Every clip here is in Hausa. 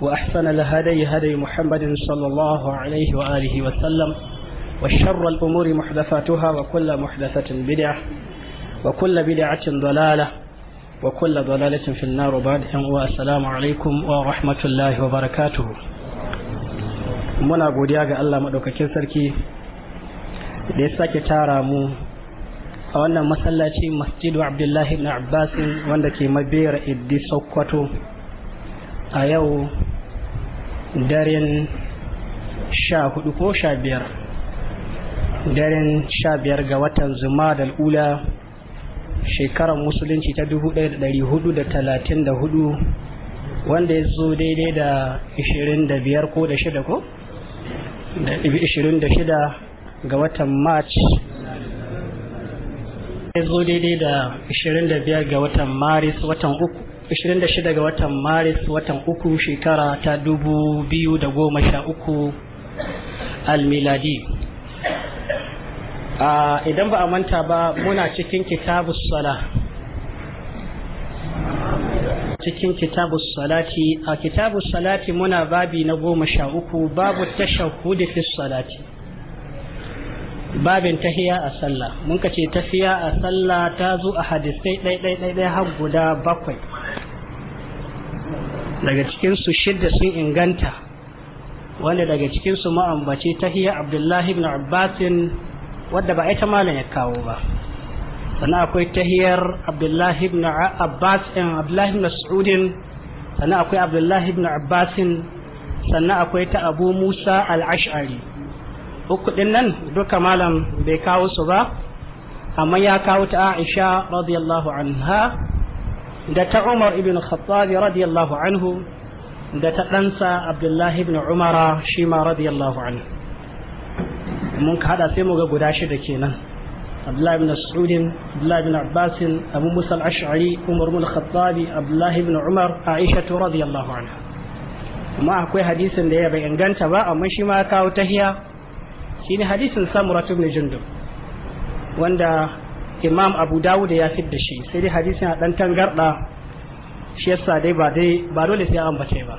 وأحسن الهدي هدي محمد صلى الله عليه وآله وسلم وشر الأمور محدثاتها وكل محدثة بدعة وكل بدعة ضلالة وكل ضلالة في النار وبعد والسلام عليكم ورحمة الله وبركاته muna godiya ga Allah maɗaukakin sarki da ya sake tara mu a wannan masallaci masjidu abdullahi ibn abbas wanda ke mabera iddi sokoto a yau daren sha hudu ko sha biyar daren sha biyar ga watan zuma da al'ula shekarar musulunci ta 1434 wanda ya zo daidai da 25 ko da shida ko? da 26 ga watan march ya zo daidai da 25 ga watan maris watan uku 26 ga watan maris watan uku shekara ta 2013 almiladi idan ba a manta ba muna cikin kitabus sala cikin kitabus salati a kitabus salati muna babi na goma sha uku babu tashahhudi fi salati babin tahiya a sallah mun ka ce tafiya a sallah ta zo a hadisai ɗaiɗaiɗaiɗai har guda bakwai daga cikinsu shidda sun inganta wanda daga cikinsu ma'ambaci ta hiya abdullahi ibn abbasin wadda ba ita malam ya kawo ba sannan akwai ta hiyar abdullahi ibn abbas eh, abdullahi ibn sa'udin sannan akwai abdullahi ibn abbasin sannan akwai ta abu musa al'ashari uku din nan duka malam bai kawo su ba amma ya kawo ta aisha radiyallahu anha da ta Umar ibn Khattab radiyallahu anhu da ta ɗansa Abdullahi ibn Umara shi ma radiyallahu anhu mun ka hada sai mu ga guda shida kenan Abdullahi ibn Mas'ud Abdullahi ibn Abbas Abu Musa al-Ash'ari Umar ibn Khattab Abdullahi ibn Umar Aisha radiyallahu anha amma akwai hadisin da ya bai inganta ba amma shi ma kawo tahiya shine hadisin Samurah ibn jundub wanda imam abu dawud ya fi da shi sai dai hadisi na dan tangarda shi yasa dai ba dai ba dole sai an bace ba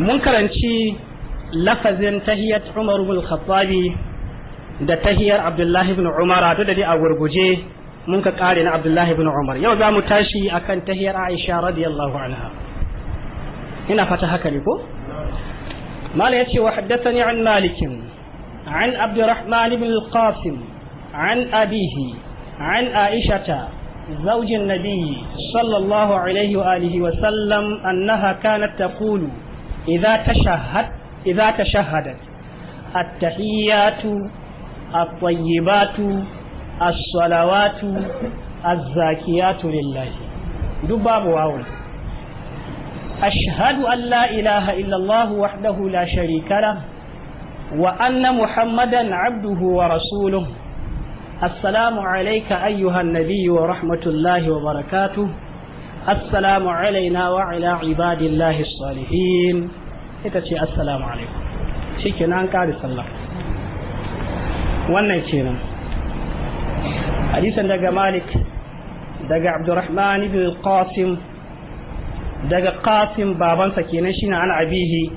mun karanci lafazin tahiyat umar ibn da tahiyar abdullahi ibn umar da dai a gurguje mun ka kare na abdullahi ibn umar yau za mu tashi akan tahiyar aisha radiyallahu anha ina fata haka ne ko mala yace wa haddathani an malikin an abdurrahman ibn al عن أبيه عن عائشة زوج النبي صلى الله عليه وآله وسلم أنها كانت تقول إذا تشهد إذا تشهدت التحيات الطيبات الصلوات الزاكيات لله دباب واول أشهد أن لا إله إلا الله وحده لا شريك له وأن محمدا عبده ورسوله السلام عليك أيها النبي ورحمة الله وبركاته السلام علينا وعلى عباد الله الصالحين إتشي السلام عليكم شكرا أنك عارف الله wannan kenan hadisan daga malik daga abdurrahman ibn qasim daga qasim babansa kenan shine an abihi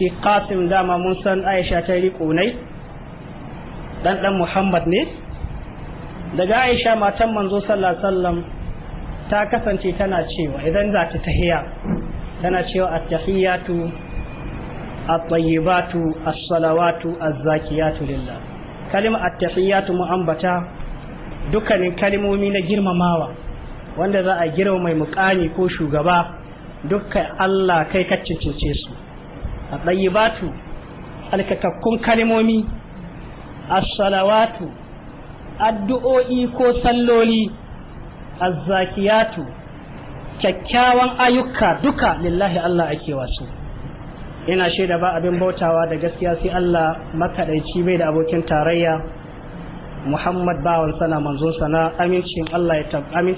shi qasim dama mun san aisha ta riƙo nai dan dan muhammad ne daga aisha matan manzo sallallahu alaihi ta kasance tana cewa idan za ta tahiya tana cewa at-tahiyatu at-tayyibatu as-salawatu az-zakiyatu lillah kalima at-tahiyatu mu'ambata dukkanin kalmomi na girmamawa wanda za a girma mai mukami ko shugaba dukkan Allah kai ka su at-tayyibatu alkakakkun kalmomi as-salawatu addu'o'i ko salloli azzakiyatu kyakkyawan ayyuka duka lillahi Allah ake wasu ina shaida ba abin bautawa da gaskiya sai Allah makaɗaici bai da abokin tarayya Muhammad bawan sana manzon sana amincin Allah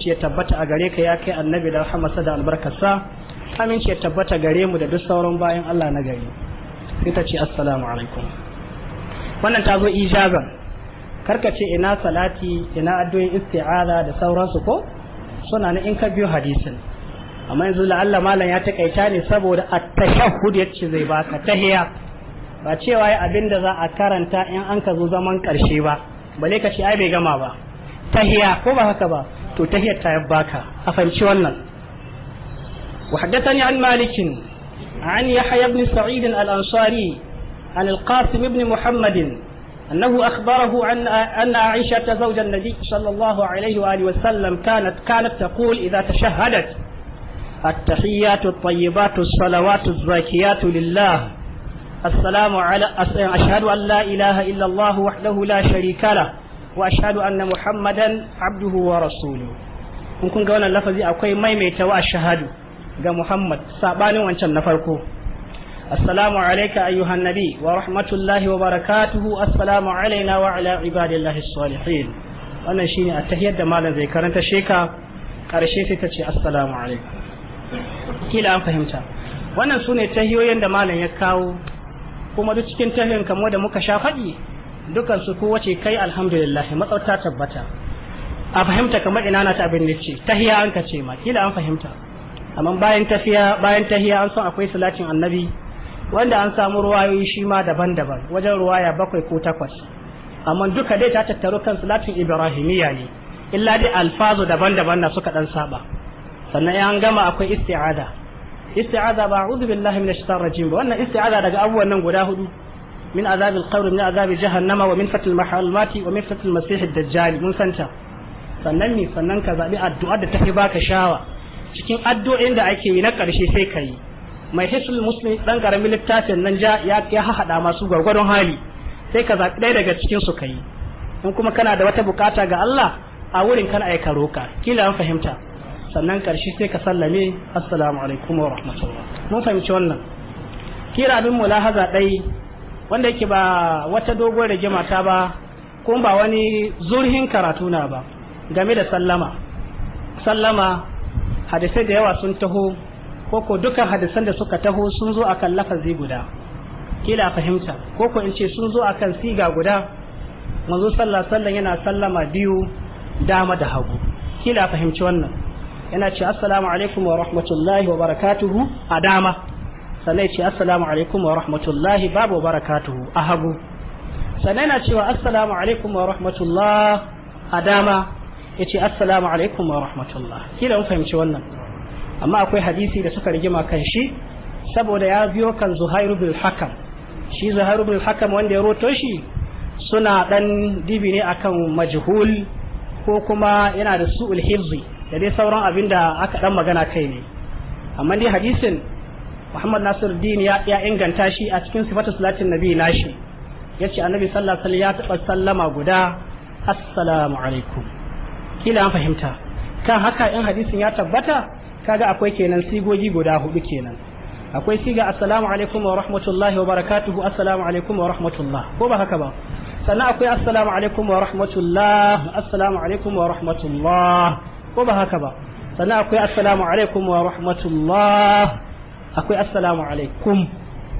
ya tabbata a gare ka ya kai annabi da hamasa da albarkasa aminci ya tabbata gare mu da duk sauran bayan Allah na gari sai ta ce assalamu alaikum wannan ta zo ijaban karka ce ina salati ina addu'in isti'aza da sauransu ko suna na in ka biyo hadisin amma yanzu la'alla malam ya takaita ne saboda at-tashahhud yace zai baka tahiya ba cewa ya abinda za a karanta in an ka zo zaman karshe ba bale ka ce ai bai gama ba tahiya ko ba haka ba to tahiyar ta baka a fahimci wannan وحدثني عن مالك عن يحيى بن سعيد الأنصاري عن القاسم بن محمد أنه أخبره عن أن عائشة زوج النبي صلى الله عليه وآله وسلم كانت كانت تقول إذا تشهدت التحيات الطيبات الصلوات الزاكيات لله السلام على أشهد أن لا إله إلا الله وحده لا شريك له وأشهد أن محمدا عبده ورسوله kun kun ga wannan lafazi akwai maimaita wa ashhadu ga Muhammad sabanin wancan na farko السلام عليك أيها النبي ورحمة الله وبركاته السلام علينا وعلى عباد الله الصالحين wannan shine a tahiyar da malam zai karanta sheka karshe sai ta ce assalamu alaikum an fahimta wannan sune tahiyoyin da malam ya kawo kuma duk cikin tahiyoyin kamo da muka sha faɗi dukan su kowace kai alhamdulillah matsauta tabbata a fahimta kamar ina na ta abin da ce tahiya an ka ce ma kila an fahimta amma bayan tafiya bayan tahiya an san akwai salatin annabi wanda an samu ruwayoyi shi ma daban-daban wajen ruwaya bakwai ko takwas amma duka dai ta tattaru kan salatin ibrahimiyya ne illa dai alfazo daban-daban na suka dan saba sannan an gama akwai isti'aza isti'aza ba a'udhu billahi minash shaitanir rajim wannan isti'aza daga abubuwan nan guda hudu min azabil qabr min azabil jahannama wa min fatil mahalmati wa min fatil masih ad-dajjal mun santa sannan ne sannan ka zabi addu'a da tafi baka shawa cikin addu'o'in da ake yi na karshe sai ka yi mai hisul muslim dan karamin littafin nan ja ya ya hada masu gwargwadon hali sai ka zaɓi ɗaya daga cikin su kai in kuma kana da wata bukata ga Allah a wurin kana aika roka kila an fahimta sannan karshe sai ka sallame assalamu alaikum wa rahmatullah mun fahimci wannan kira bin mulahaza dai wanda yake ba wata dogon rigima ta ba kuma ba wani zurhin karatu na ba game da sallama sallama hadisai da yawa sun taho koko dukan hadisan da suka taho sun zo akan lafazi guda kila fahimta koko in ce sun zo akan siga guda manzo sallah sallan yana sallama biyu dama da hagu kila fahimci wannan yana ce assalamu alaikum wa rahmatullahi wa barakatuhu a dama sannan ya ce assalamu alaikum wa rahmatullahi babu wa barakatuhu a hagu sannan yana cewa assalamu alaikum wa rahmatullah a dama ya ce assalamu alaikum wa rahmatullah kila mun fahimci wannan amma akwai hadisi da suka rigima kan shi saboda ya biyo kan zuhairu bil hakam shi zuhairu bil hakam wanda ya roto shi suna dan dibi ne akan majhul ko kuma yana da su'ul hizzi da dai sauran abin da aka dan magana kai ne amma dai hadisin Muhammad Nasiruddin ya ya inganta shi a cikin sifatu salatin nabi nashi yace annabi sallallahu alaihi wasallam ya taba sallama guda assalamu alaikum kila an fahimta kan haka in hadisin ya tabbata kaga akwai kenan sigogi guda hudu kenan akwai siga assalamu alaikum wa rahmatullahi wa barakatuhu assalamu alaikum wa rahmatullah ko ba haka ba sannan akwai assalamu alaikum wa rahmatullah assalamu alaikum wa rahmatullah ko ba haka ba sannan akwai assalamu alaikum wa rahmatullah akwai assalamu alaikum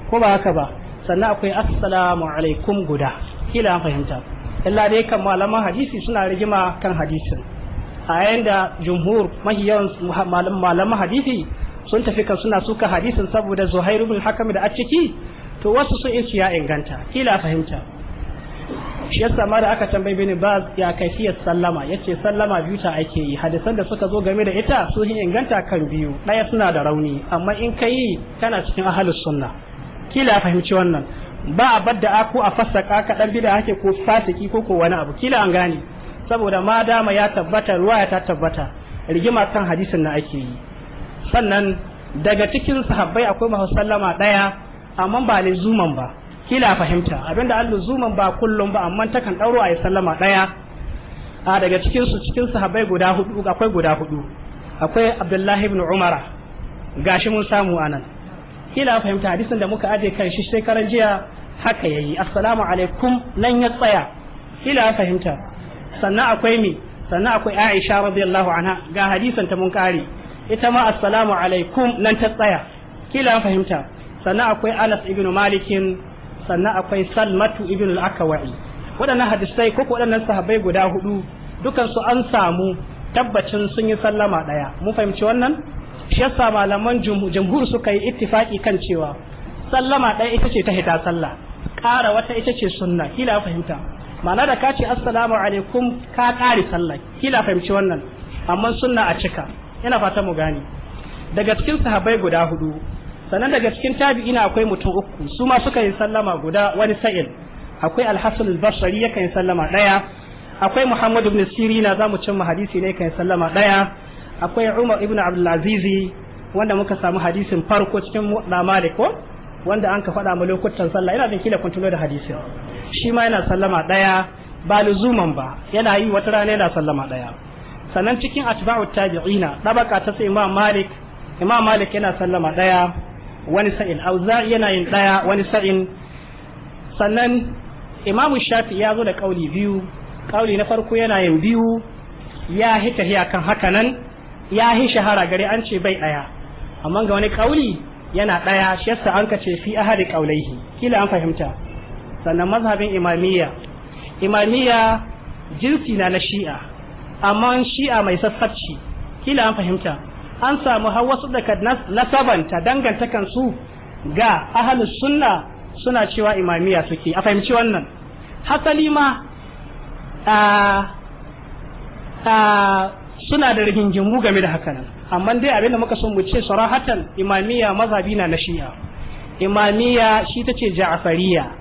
ko ba haka ba sannan akwai assalamu alaikum guda kila an fahimta illa dai kan malaman hadisi suna rigima kan hadisin a yayin da jumhur mahi yawan malaman hadisi sun tafi kan suna suka hadisin saboda zuhairu bin hakami da a ciki to wasu sun isu ya inganta kila fahimta shi yasa ma da aka tambayi bin baz ya kaifiyar sallama yace sallama biyu ta ake yi hadisan da suka zo game da ita su hin inganta kan biyu ɗaya suna da rauni amma in ka yi tana cikin ahalus sunna kila fahimci wannan ba a badda aku a fassaka ka dan bid'a hake ko fasiki ko ko wani abu kila an gane saboda ma dama ya tabbata ruwaya ta tabbata rigima kan hadisin na ake yi sannan daga cikin sahabbai akwai mahu sallama daya amma ba lizuman ba kila fahimta abinda an lizuman ba kullum ba amma takan dauro ayi sallama daya a daga cikin su cikin sahabbai guda hudu akwai guda hudu akwai abdullahi ibn umara gashi mun samu anan kila fahimta hadisin da muka aje kan shi shekaran jiya haka yayi assalamu alaikum nan ya tsaya kila fahimta sannan akwai mi sannan akwai Aisha radiyallahu anha ga hadisan ta mun kare ita ma assalamu alaikum nan ta tsaya kila fahimta sannan akwai Anas ibn Malikin sannan akwai Salmatu ibn al-Akwa'i waɗannan hadisai ko waɗannan sahabbai guda hudu dukan su an samu tabbacin sun yi sallama ɗaya mun fahimci wannan shi yasa malaman jamhur suka yi ittifaki kan cewa sallama ɗaya ita ce ta hita sallah ƙara wata ita ce sunna kila fahimta ma'ana da ka ce assalamu alaikum ka ƙare sallah kila fahimci wannan amma sunna a cika ina fata mu gani daga cikin sahabbai guda hudu sannan daga cikin tabi'ina akwai mutum uku su ma suka yi sallama guda wani sa'il akwai alhassan albasari yakan yi sallama ɗaya akwai muhammad ibn sirina za mu cimma hadisi ne kan yi sallama ɗaya akwai umar ibn abdulazizi wanda muka samu hadisin farko cikin malik ko wanda an ka faɗa ma lokutan sallah ina jin kila kun tuno da hadisin shi ma yana sallama ɗaya ba luzuman ba yana yi wata rana yana sallama ɗaya sannan cikin atba'u tabi'ina dabaka ta sai imam malik imam malik yana sallama ɗaya wani sa'in auza yana yin ɗaya wani sa'in sannan imamu shafi ya zo da kauli biyu kauli na farko yana yin biyu ya hi tahiya kan hakanan ya hi shahara gare an ce bai ɗaya amma ga wani kauli yana ɗaya shi yasa an kace fi ahadi kaulaihi kila an fahimta sannan mazhabin imamiya, imamiya jinsi na na shi'a amma shi'a mai sassabci kila an fahimta an samu har wasu daga nasabanta danganta kansu ga ahalus sunna suna cewa imamiyya suke a fahimci wannan hasali ma suna da rigingimu game da hakanan amma dai abinda muka so mu ce sarahatan imamiyya mazhabi na na shi'a imamiyya shi ta ce ja'afariya.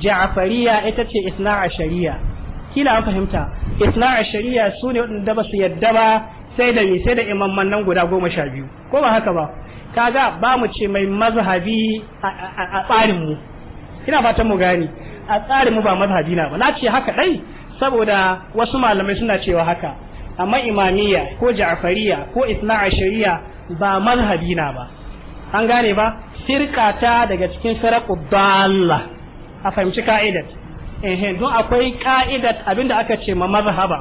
ja'fariya ita ce isna shari'a kila an fahimta isna shari'a su ne waɗanda ba su yadda ba sai da sai da imamman nan guda goma sha biyu ko ba haka ba kaga ba mu ce mai mazhabi a tsarin mu ina fatan mu gani a tsarin mu ba mazhabi na ba na ce haka dai saboda wasu malamai suna cewa haka amma imamiyya ko ja'fariya ko isna shari'a ba mazhabi na ba an gane ba firka ta daga cikin sarakun dalla a fahimci ka'idat eh don akwai ka'idat abinda aka ce ma mazhaba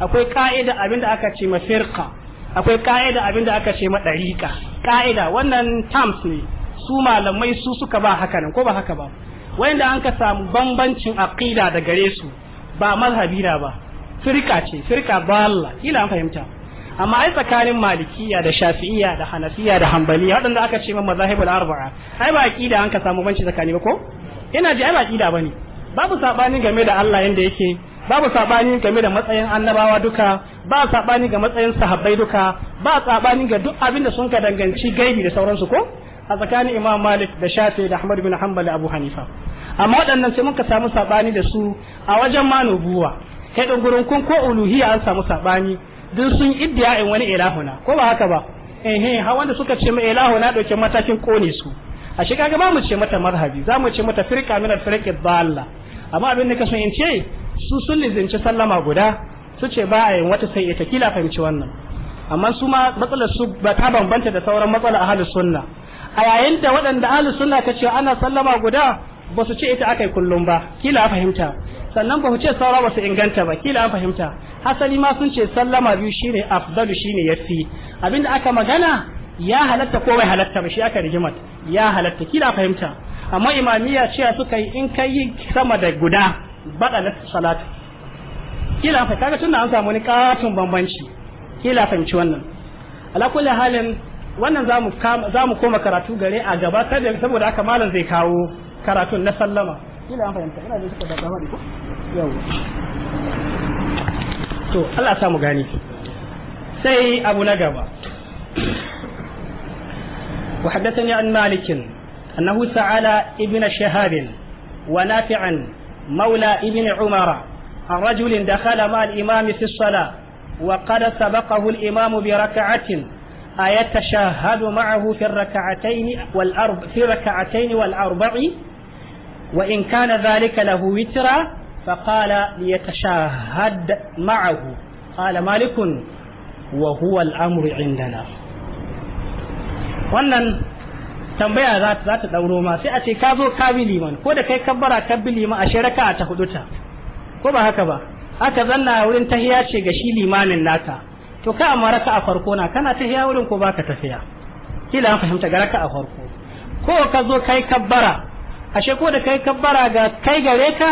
akwai ka'ida abinda aka ce ma firqa akwai ka'ida abinda aka ce ma dariqa ka'ida wannan terms ne su malamai su suka ba haka nan ko ba haka ba wanda an ka samu bambancin aqida da gare su ba mazhabi da ba firka ce firka balla ila an fahimta amma ai tsakanin malikiya da shafi'iya da hanafiya da hambaliya waɗanda aka ce ma mazahibul arba'a ai ba aqida an ka samu banci tsakani ba ko ina ji ai ba kida bane babu sabani game da Allah yanda yake babu sabani game da matsayin annabawa duka ba sabani ga matsayin sahabbai duka ba sabani ga duk abin da sun ka danganci gaibi da sauransu ko a tsakanin Imam Malik da Shafi da Ahmad bin Hanbal da Abu Hanifa amma waɗannan sai mun ka samu saɓani da su a wajen manubuwa kai da gurin kun ko uluhiyya an samu sabani duk sun iddiya in wani ilahuna ko ba haka ba eh eh ha wanda suka ce mai ilahuna ɗauke matakin kone su shi kaga ba mu ce mata marhabi za mu ce mata firka minar al-firqi dhalla amma abin da kasan in ce su sun lizinci sallama guda su ce ba a yin wata sai ita kila fahimci wannan amma su ma matsalar su ba ta bambanta da sauran matsalar ahlus sunna a yayin da waɗanda ahlus sunna ka ce ana sallama guda ba su ce ita akai kullum ba kila fahimta sannan ba su ce saura ba su inganta ba kila an fahimta hasali ma sun ce sallama biyu shine afdalu shine yafi abinda aka magana ya halatta ko bai halatta ba shi aka rigimat ya halatta kila fahimta amma imamiya cewa suka yi in kai yi sama da guda bada salatu kila fa kaga tunda an samu ni katun bambanci kila fahimci wannan ala kulli halin wannan zamu zamu koma karatu gare a gaba kada saboda aka malam zai kawo karatun na sallama kila an fahimta ina da suka da gaba ko yau to Allah ya samu gani sai abu na gaba وحدثني عن مالك أنه سأل ابن شهاب ونافعا مولى ابن عمر عن رجل دخل مع الإمام في الصلاة وقد سبقه الإمام بركعة أيتشهد معه في الركعتين والأرب في الركعتين والأربع وإن كان ذلك له وترا فقال ليتشهد معه قال مالك وهو الأمر عندنا wannan tambaya za ta za ta dauro ma sai a ce ka zo ka bi liman ko da kai kabbara ka bi liman a shiraka ta hudu ta ko ba haka ba aka zanna wurin tahiya ce ga shi limamin naka to ka amma raka a farko na kana tahiya wurin ko baka tafiya kila an fahimta ga raka a farko ko ka zo kai kabbara ashe ko da kai kabbara ga kai gare ka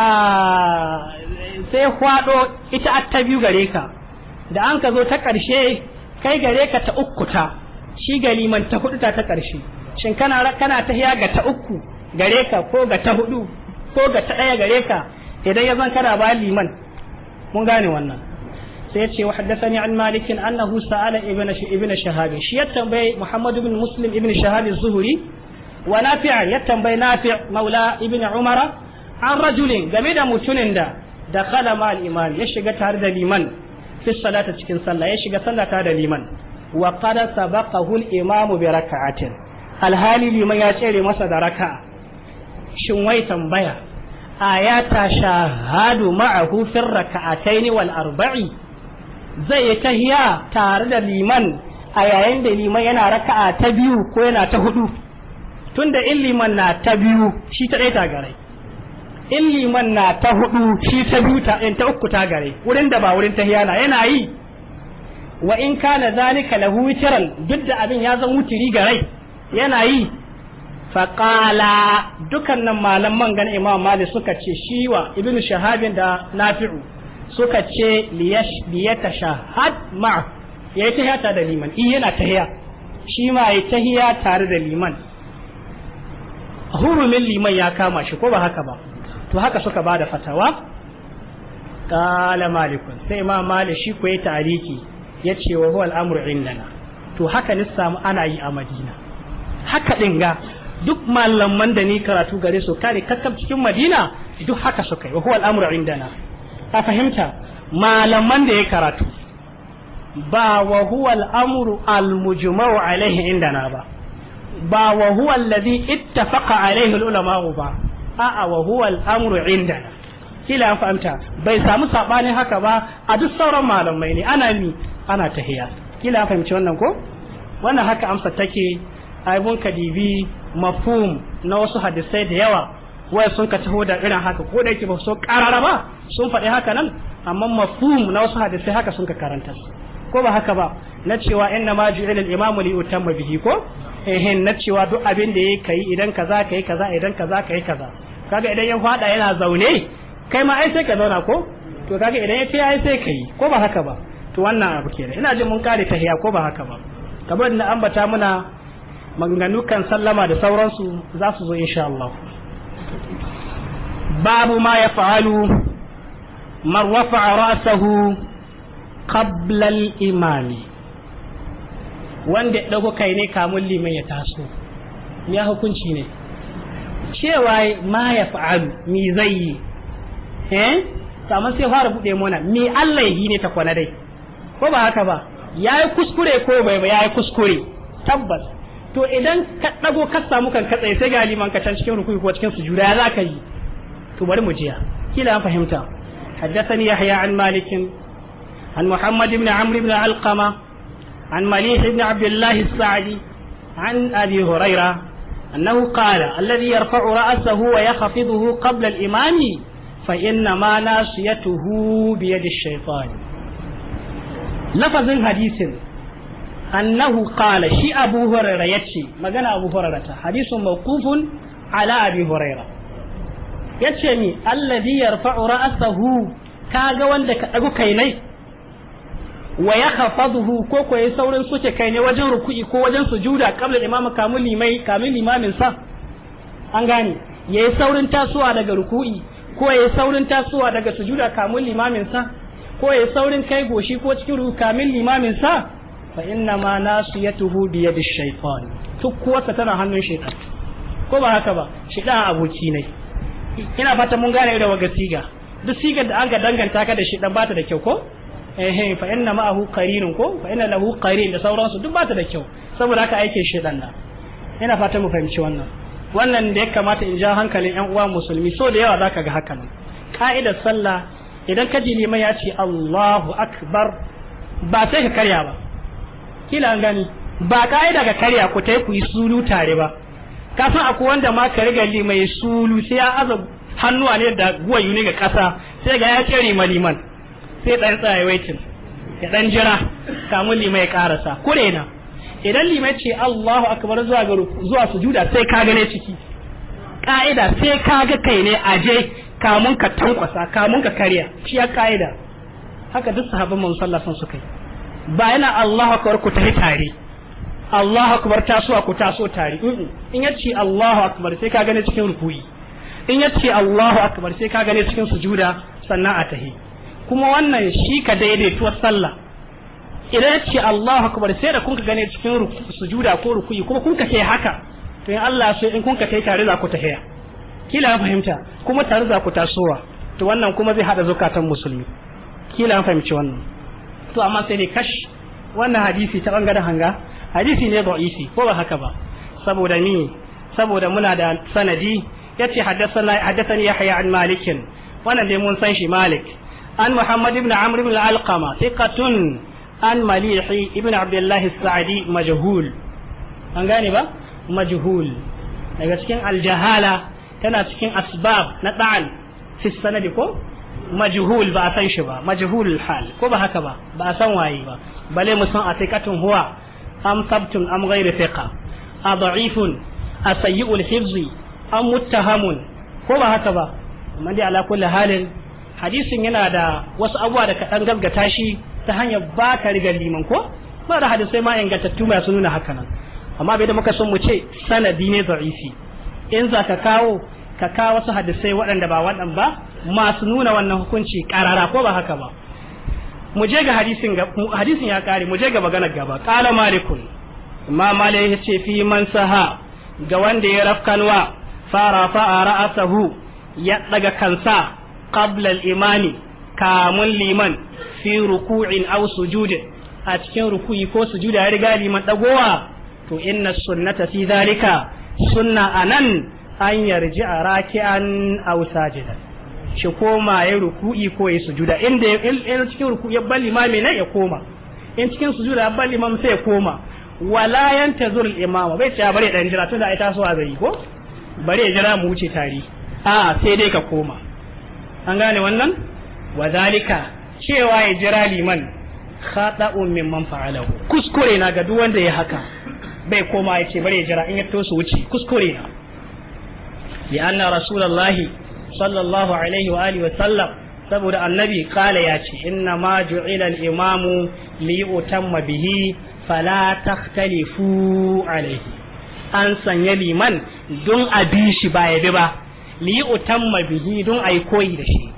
a sai kwado ita ta biyu gare ka da an ka zo ta karshe kai gare ka ta ukkuta shi ga liman ta hudu ta ta karshe shin kana kana hiya ga ta uku gare ka ko ga ta hudu ko ga ta ɗaya gare ka idan ya zan kana ba liman mun gane wannan sai ce wa haddathani an malik annahu sa'ala ibn ibn shahabi shi ya tambaye muhammad ibn muslim ibn shahabi zuhuri wa nafi' ya tambaye nafi' maula ibn umara an rajulin game da mutunin da da kala al iman ya shiga tare da liman fi salata cikin sallah ya shiga sallah tare da liman wa qad sabaqahu al-imamu bi raka'atin alhali liman ya tsere masa da raka'a shin wai tambaya ayata shahadu ma'ahu fi raka'atayn wal arba'i zai yi tahiya tare da liman a yayin da liman yana raka'a ta biyu ko yana ta hudu tunda in liman na ta biyu shi ta ɗaya tagarai in liman na ta hudu shi ta biyu ta ta uku tagarai wurin da ba wurin tahiya na yana yi wa in kana zalika lahu witran duk da abin ya zan wutiri ga rai yana yi faƙala dukannan malaman gan imam mali suka ce shi wa ibn shahabin da nafi'u suka ce liyata shahad ma ya yi tahiya tare da liman in yana tahiya shi ma ya tahiya tare da liman hurumin liman ya kama shi ko ba haka ba to haka suka ba da fatawa ƙala malikun sai imam mali shi ko ya tariki ya ce wa huwa al'amur indana to haka ni samu ana yi a madina haka ɗin ga duk malaman da ni karatu gare su kare kakkab cikin madina duk haka suka yi wa huwa al'amur indana a fahimta malaman da ya karatu ba wa huwa al'amur al-mujma'u alaihi indana ba ba wa huwa alladhi ittafaqa alaihi ulama ba a'a wa huwa al-amru indana kila an fahimta bai samu sabanin haka ba a duk sauran malamai ne ana mi ana tahiya kila an fahimci wannan ko wannan haka amsa take ai kadibi ka dibi mafhum na wasu hadisai da yawa waya sun ka taho da irin haka ko da yake ba so karara ba sun faɗi haka nan amma mafhum na wasu hadisai haka sun ka karanta ko ba haka ba na cewa inna ma ju'ila al li utamma bihi ko eh na cewa duk abin da yake kai idan kaza kai kaza idan kaza kai kaza kaga idan ya fada yana zaune kai ma ai sai ka zauna ko to kaga idan ya fi ai sai kai ko ba haka ba to wannan abu kenan ina jin mun kare tahiya ko ba haka ba kamar da ambata muna maganganu kan sallama da sauransu za su zo insha Allah babu ma ya fa'alu man rafa'a ra'sahu qabla al-imami wanda ya dauko kai ne kamun liman ya taso ya hukunci ne cewa ma ya fa'alu mi zai yi eh kamar sai fara bude mona mi Allah yi ne ta kwana dai ko ba haka ba ya kuskure ko bai ba ya kuskure tabbas to idan ka ɗago ka samu kan katsaye sai ga liman ka can cikin rukuni ko sujuda ya za ka yi to bari mu jiya kila an fahimta haddathani yahya an malik an muhammad ibn amr ibn alqama an malik ibn abdullah as-sa'di an abi huraira أنه قال الذي يرفع رأسه ويخفضه قبل الإمام فإنما ناصيته بيد الشيطان lafazin hadisin annahu qala shi abu hurairah yace magana abu hurairah ta hadisun mawqufun ala abi hurairah yace ni alladhi yarfa'u ra'sahu kaga wanda ka dago kai nai wa yakhfaduhu ko ko yayin saurin suke kai wajen ruku'i ko wajen sujuda qabla imam kamil limai kamil limamin sa an gane yayin saurin tasowa daga ruku'i ko yayin saurin tasowa daga sujuda kamil limamin sa ko ya saurin kai goshi ko cikin ruku kamin limamin sa fa inna ma nasu yatuhu bi yadi shaytan tukkuwarsa tana hannun shaytan ko ba haka ba shaytan aboki ne ina fata mun gane da waga siga duk sigar da an ga danganta ka da ba bata da kyau ko eh fa inna hu qarinun ko fa inna lahu qarin da sauransu duk bata da kyau saboda haka aike shaytan na ina fata mu fahimci wannan wannan da ya kamata in ja hankalin yan uwa musulmi so da yawa zaka ga haka nan ka'idar sallah idan ka ji liman ya ce Allahu akbar ba sai ka karya ba kila an gani ba ka'ida ga karya ku ta ku yi sulu tare ba ka san akwai wanda ma ka riga limai sulu sai ya aza hannuwa ne da guwa yuni ga kasa sai ga ya ce rima liman sai dan tsaye waitin ya dan jira kamun limai ya karasa kurena idan limai ce Allahu akbar zuwa ga zuwa sujuda sai ka gane ciki ka'ida sai ka ga kai ne aje kamun ka tankwasa kamun ka karya shi ya ka'ida haka duk sahabban manzo sallallahu alaihi suka yi ba yana Allahu akbar ku tafi tare Allahu akbar taso ku taso tare in yace Allahu akbar sai ka gane cikin rukuyi in yace Allahu akbar sai ka gane cikin sujuda sannan a tahi kuma wannan shi ka daidaituwar sallah idan yace Allahu akbar sai da kun ka gane cikin sujuda ko rukuyi kuma kun ka ce haka to in Allah sai in kun ka kai tare za ku tahiya kila fahimta kuma tare za ku tasowa to wannan kuma zai hada zukatan musulmi kila an fahimci wannan to amma sai ne kash wannan hadisi ta bangaren hanga hadisi ne isi ko ba haka ba saboda ni saboda muna da sanadi yace haddathana haddathani yahya an malik wannan dai mun san shi malik an muhammad ibn amr ibn al-alqama thiqatun an malihi ibn abdullah as-sa'di majhul an gane ba majhul daga cikin aljahala tana cikin asbab na ɗa'al fi sanadi ko majhul ba a san shi ba majhul hal ko ba haka ba ba a san waye ba bale mu san atiqatun huwa am sabtun am ghairu thiqa a da'ifun a sayyi'ul hifzi am muttahamun ko ba haka ba amma dai ala kulli halin hadisin yana da wasu abubuwa da kaɗan gaggata shi ta hanyar ba ka rigar liman ko ba da hadisai ma ingantattu masu nuna haka nan amma bai da muka san mu ce sanadi ne da'ifi in za ka kawo ka kawo wasu hadisai waɗanda ba waɗan ba masu nuna wannan hukunci ƙarara ko ba haka ba mu je ga hadisin hadisin ya kare mu je ga maganar gaba qala malikun ma ya yace fi man saha ga wanda ya rafkanwa fara fa'a ra'asahu ya daga kansa qabla al-imani kamun liman fi ruku'in aw sujudin a cikin ruku'i ko sujuda ya riga liman dagowa to inna sunnata fi zalika sunna nan an yarji a raki'an aw sajidan shi koma ya ruku'i ko ya sujuda inda ya cikin ruku'i ya bal imami nan ya koma in cikin sujuda ya bal imam sai ya koma wala yantazur zurin imama bai ce bari dan jira tunda ai taso a zai ko Bari ya jira mu wuce tari a sai dai ka koma an gane wannan wadalika cewa ya jira liman khata'un mimman fa'alahu kuskure na ga duk wanda ya haka bai koma ya ce bare ya jira in ya to su wuce kuskure na li anna rasulullahi sallallahu alaihi wa alihi wa sallam saboda annabi kala ya ce inna ma ju'ila al-imamu li utamma bihi fala takhtalifu alaihi an sanya liman don a bi shi ba ya bi ba li utamma bihi don ai koyi da shi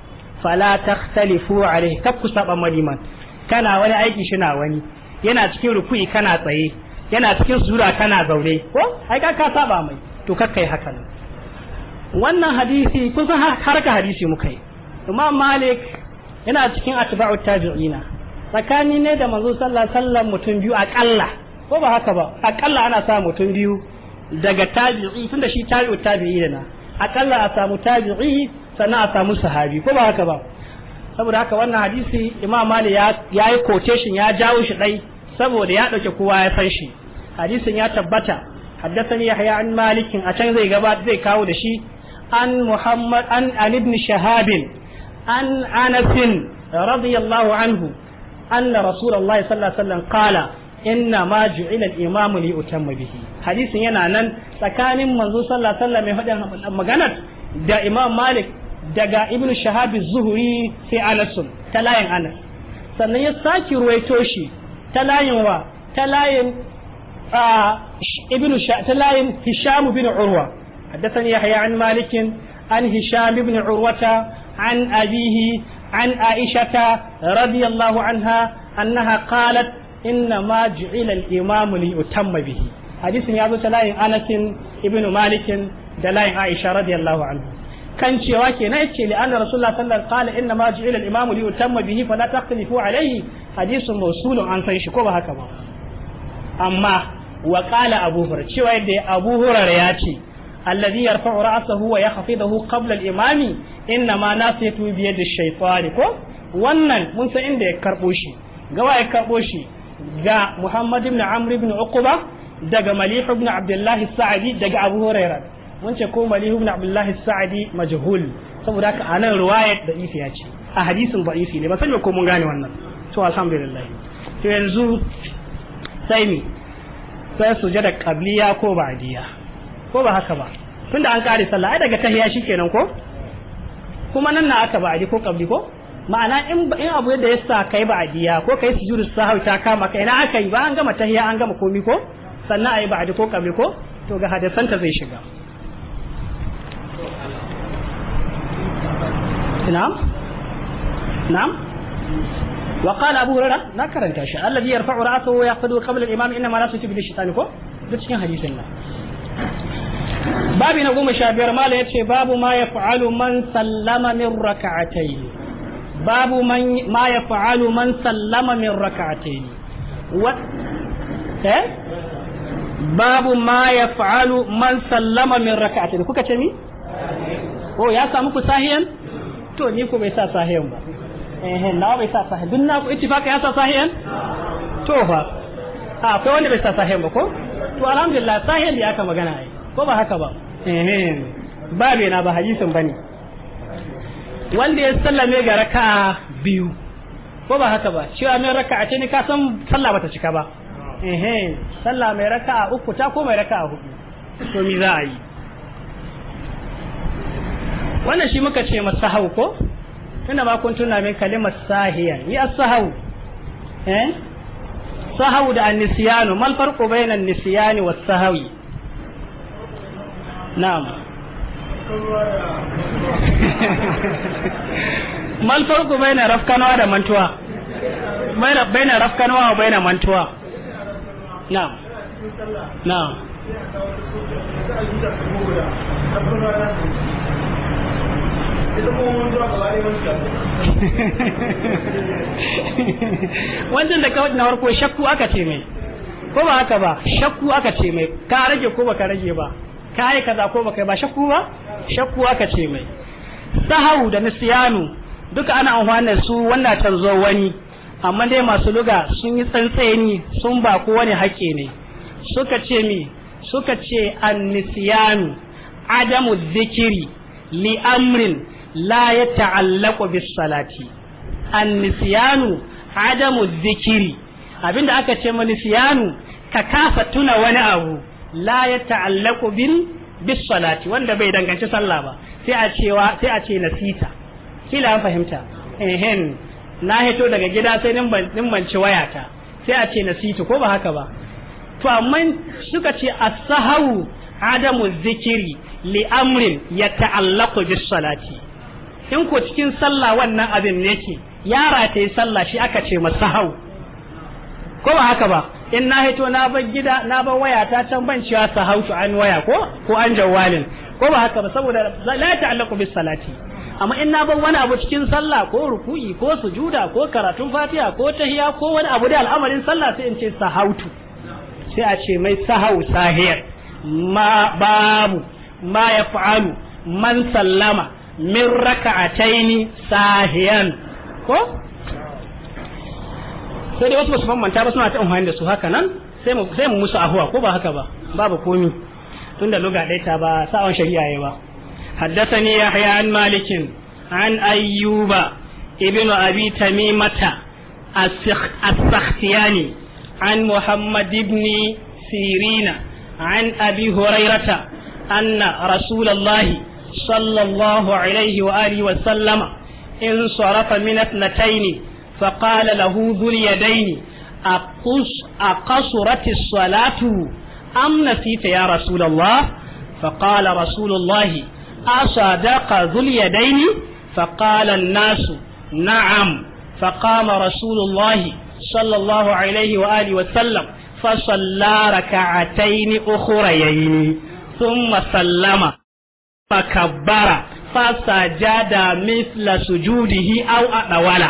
fala takhtalifu alaihi kab saba maliman kana wani aiki shi na wani yana cikin rukuyi kana tsaye yana cikin sura kana zaure ko ai ka ka saba mai to kakkai haka wannan hadisi kun san ka hadisi muka yi imam malik yana cikin atba'u tabi'ina tsakani ne da manzo sallallahu alaihi wasallam mutum biyu akalla ko ba haka ba akalla ana sa mutum biyu daga tabi'i tunda shi tabi'u tabi'i na akalla a samu tabi'i sannan a samu sahabi ko ba haka ba saboda haka wannan hadisi imam mali ya yi quotation ya jawo shi dai saboda ya dauke kowa ya san shi hadisin ya tabbata haddathani yahya an malikin a can zai gabat zai kawo da shi an muhammad an an ibn shahabin an anas radiyallahu anhu anna rasulullahi sallallahu alaihi wasallam qala inna ma ju'ila al-imamu li utamma bihi hadisin yana nan tsakanin manzo sallallahu alaihi wasallam mai hadin maganar da imam malik daga ibn shahab zuhuri sai anas ta layin anas sannan ya saki ruwaito shi ta layin wa ta layin ابن شاتلاين هشام بن عروة حدثني يحيى عن مالك عن هشام بن عروة عن أبيه عن عائشة رضي الله عنها أنها قالت إنما جعل الإمام ليؤتم به حديث يابو تلاين أنس ابن مالك دلاين عائشة رضي الله عنه kan cewa kenan yace li anna rasulullah sallallahu alaihi wasallam inna ma ju'ila al-imam li bihi fala taqtalifu alayhi hadithun mawsulun an san shi ko ba haka ba amma wa qala abu hurairah cewa yadda abu hurairah ya ce alladhi yarfa'u ra'sahu wa yakhfidahu qabla al-imami inna ma nasiyatu bi yadi shaytan ko wannan mun san inda ya karbo shi gawa ya karbo shi ga Muhammad ibn Amr ibn Uqba daga Malih ibn Abdullah Sa'di daga Abu Hurairah mun ce ko Malih ibn Abdullah Sa'di majhul saboda haka anan riwayat da ifi ya ce a hadisin ifi ne ba sani ko mun gane wannan to alhamdulillah to yanzu sai mi sai sujada qabliya ko ba'diya ko ba haka ba tunda an kare sallah ai daga tahiya shikenan ko kuma nan na aka ba'di ko qabli ko ma'ana in in abu yadda ya sa kai ba'diya ko kai sujudu sahwi ta kama kai na aka yi ba an gama tahiya an gama komi ko sannan ayi ba'di ko qabli ko to ga hadisan ta zai shiga na'am na'am wa qala abu hurairah na karanta shi alladhi yarfa'u a wa yaqdu qabla al-imam inma la tusibu bi shaytan ko duk cikin hadisin nan babi na goma sha biyar mala yace babu ma yaf'alu man sallama min rak'atayn babu man ma man sallama min rak'atayn wa eh babu ma yaf'alu man sallama min rak'atayn kuka ce mi oh ya samu to ni ko bai sa sahiyan ba eh na bai sa sahi dun na ku ittifaka ya sa sahi an to fa a akwai wanda bai sa sahi ba ko to alhamdulillah sahi da aka magana ai ko ba haka ba eh ba bai na ba hadisin bane wanda ya sallame ga raka biyu ko ba haka ba cewa mai raka a ce ni ka san sallah bata cika ba eh sallah mai raka a uku ta ko mai raka a hudu to mi za a yi wannan shi muka ce masa hau ko inna ma kun tuna min kalimar sahiya yi as-sahaw eh sahau da annisiyanu nisyanu mal farqu bayna an was-sahawi na'am mal farqu bayna rafkanwa da mantuwa bayna bayna rafkanwa wa bayna mantuwa na'am na'am wancan da kawai na farko shakku aka ce mai ko ba haka ba shakku aka ce mai ka rage ko baka rage ba ka yi kaza ko baka ba shakku ba shakku aka ce mai sahau da nisyanu duka ana amfani su wannan can zo wani amma dai masu luga sun yi tsantseni sun ba ko wani haƙe ne suka ce mi suka ce an nisyanu adamu zikiri li amrin la ya ta'allaqu bis salati an-nisyanu adamu abinda aka ce ma nisyanu ka kafa tuna wani abu la ya ta'allaku bin bis salati wanda bai danganci sallah ba sai a cewa sai a ce nasita kila an fahimta ehen na hito daga gida sai nin manci wayata sai a ce nasitu ko ba haka ba to amma suka ce as-sahawu adamu zikiri li amrin ya ta'allaku bis salati in ko cikin sallah wannan abin ne yake yara ta yi sallah shi aka ce hau ko ba haka ba in na hito na bar gida na bar waya ta can ban cewa sahautu an waya ko ko an jawalin ko ba haka ba saboda la ta'allaqu bis salati amma in na bar wani abu cikin sallah ko ruku'i ko sujuda ko karatun fatiha ko tahiya ko wani abu da al'amarin sallah sai in ce sahautu sai a ce mai sahau sahiyar ma babu ma yaf'alu man sallama min raka'ataini sahiyan ko sai dai wasu musamman manta ba suna ta amfani da su haka nan sai mu sai mu musu ahuwa ko ba haka ba babu komi tunda luga dai ta ba sa'on shari'a yayi ba haddathani yahya an malikin an ayyuba ibnu abi tamimata as-sakhtiyani an muhammad ibn sirina an abi hurairata anna rasulullahi صلى الله عليه وآله وسلم انصرف من اثنتين فقال له ذو اليدين أقص أقصرت الصلاة أم نسيت يا رسول الله فقال رسول الله أصدق ذو اليدين فقال الناس نعم فقام رسول الله صلى الله عليه وآله وسلم فصلى ركعتين أخريين ثم سلم فكبر فسجد مثل سجوده أو أطول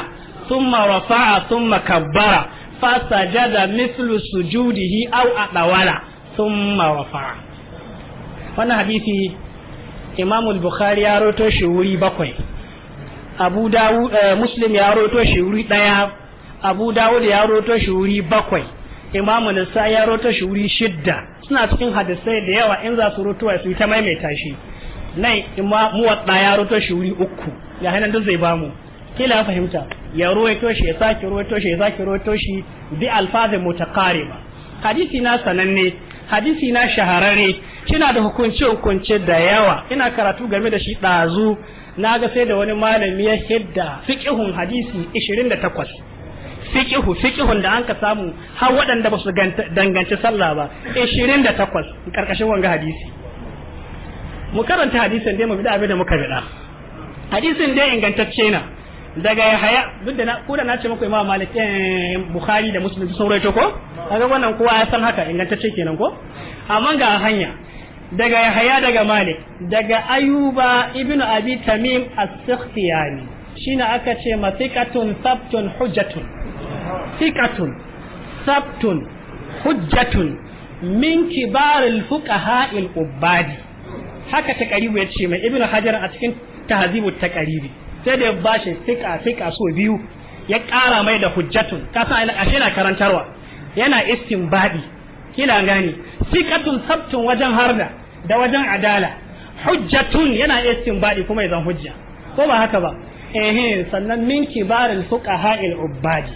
ثم رفع ثم كبر فسجد مثل سجوده أو أطول thumma rafa'a wannan hadisi imam bukhari ya roto shi wuri bakwai abu dawud eh, muslim ya roto shi wuri daya abu dawud ya roto shi wuri bakwai imam nisa ya roto shi wuri shidda suna cikin hadisai da yawa in za su roto su ta maimaita shi nan ma wa ya ruto shi wuri uku ya hannun duk zai bamu kila fahimta ya ruwaito shi ya sake ruwaito shi ya sake ruwaito shi bi alfazin mutaqariba hadisi na sananne hadisi na shahararre kina da hukunci hukunci da yawa ina karatu game da shi dazu na ga sai da wani malami ya hidda Fiƙihun hadisi 28 fiqhu fiƙihun da anka samu har waɗanda ba su danganci sallah ba 28 karkashin wanga hadisi mu karanta hadisin dai mu bi abin da muka bida hadisin dai ingantacce na daga Yahaya duk da na ko da na ce muku Imam Malik eh, Bukhari da Muslim su sauraito ko kaga wannan kowa ya san haka ingantacce kenan ko amma ga hanya daga Yahaya daga Malik daga Ayuba Ibnu Abi Tamim as-Sikhtiyani shine aka ce mathiqatun sabtun hujjatun thiqatun sabtun hujjatun min kibar al-fuqaha al-ubbadi haka ta karibu ya ce mai ibina hajar a cikin tahzibu ta karibi sai da ya bashi fika fika so biyu ya kara mai da hujjatun kasa ashe na karantarwa yana baɗi. kila gani sikatun sabtun wajen harda da wajen adala hujjatun yana baɗi kuma zan hujja ko ba haka ba eh sannan min barin fuqaha al ubbadi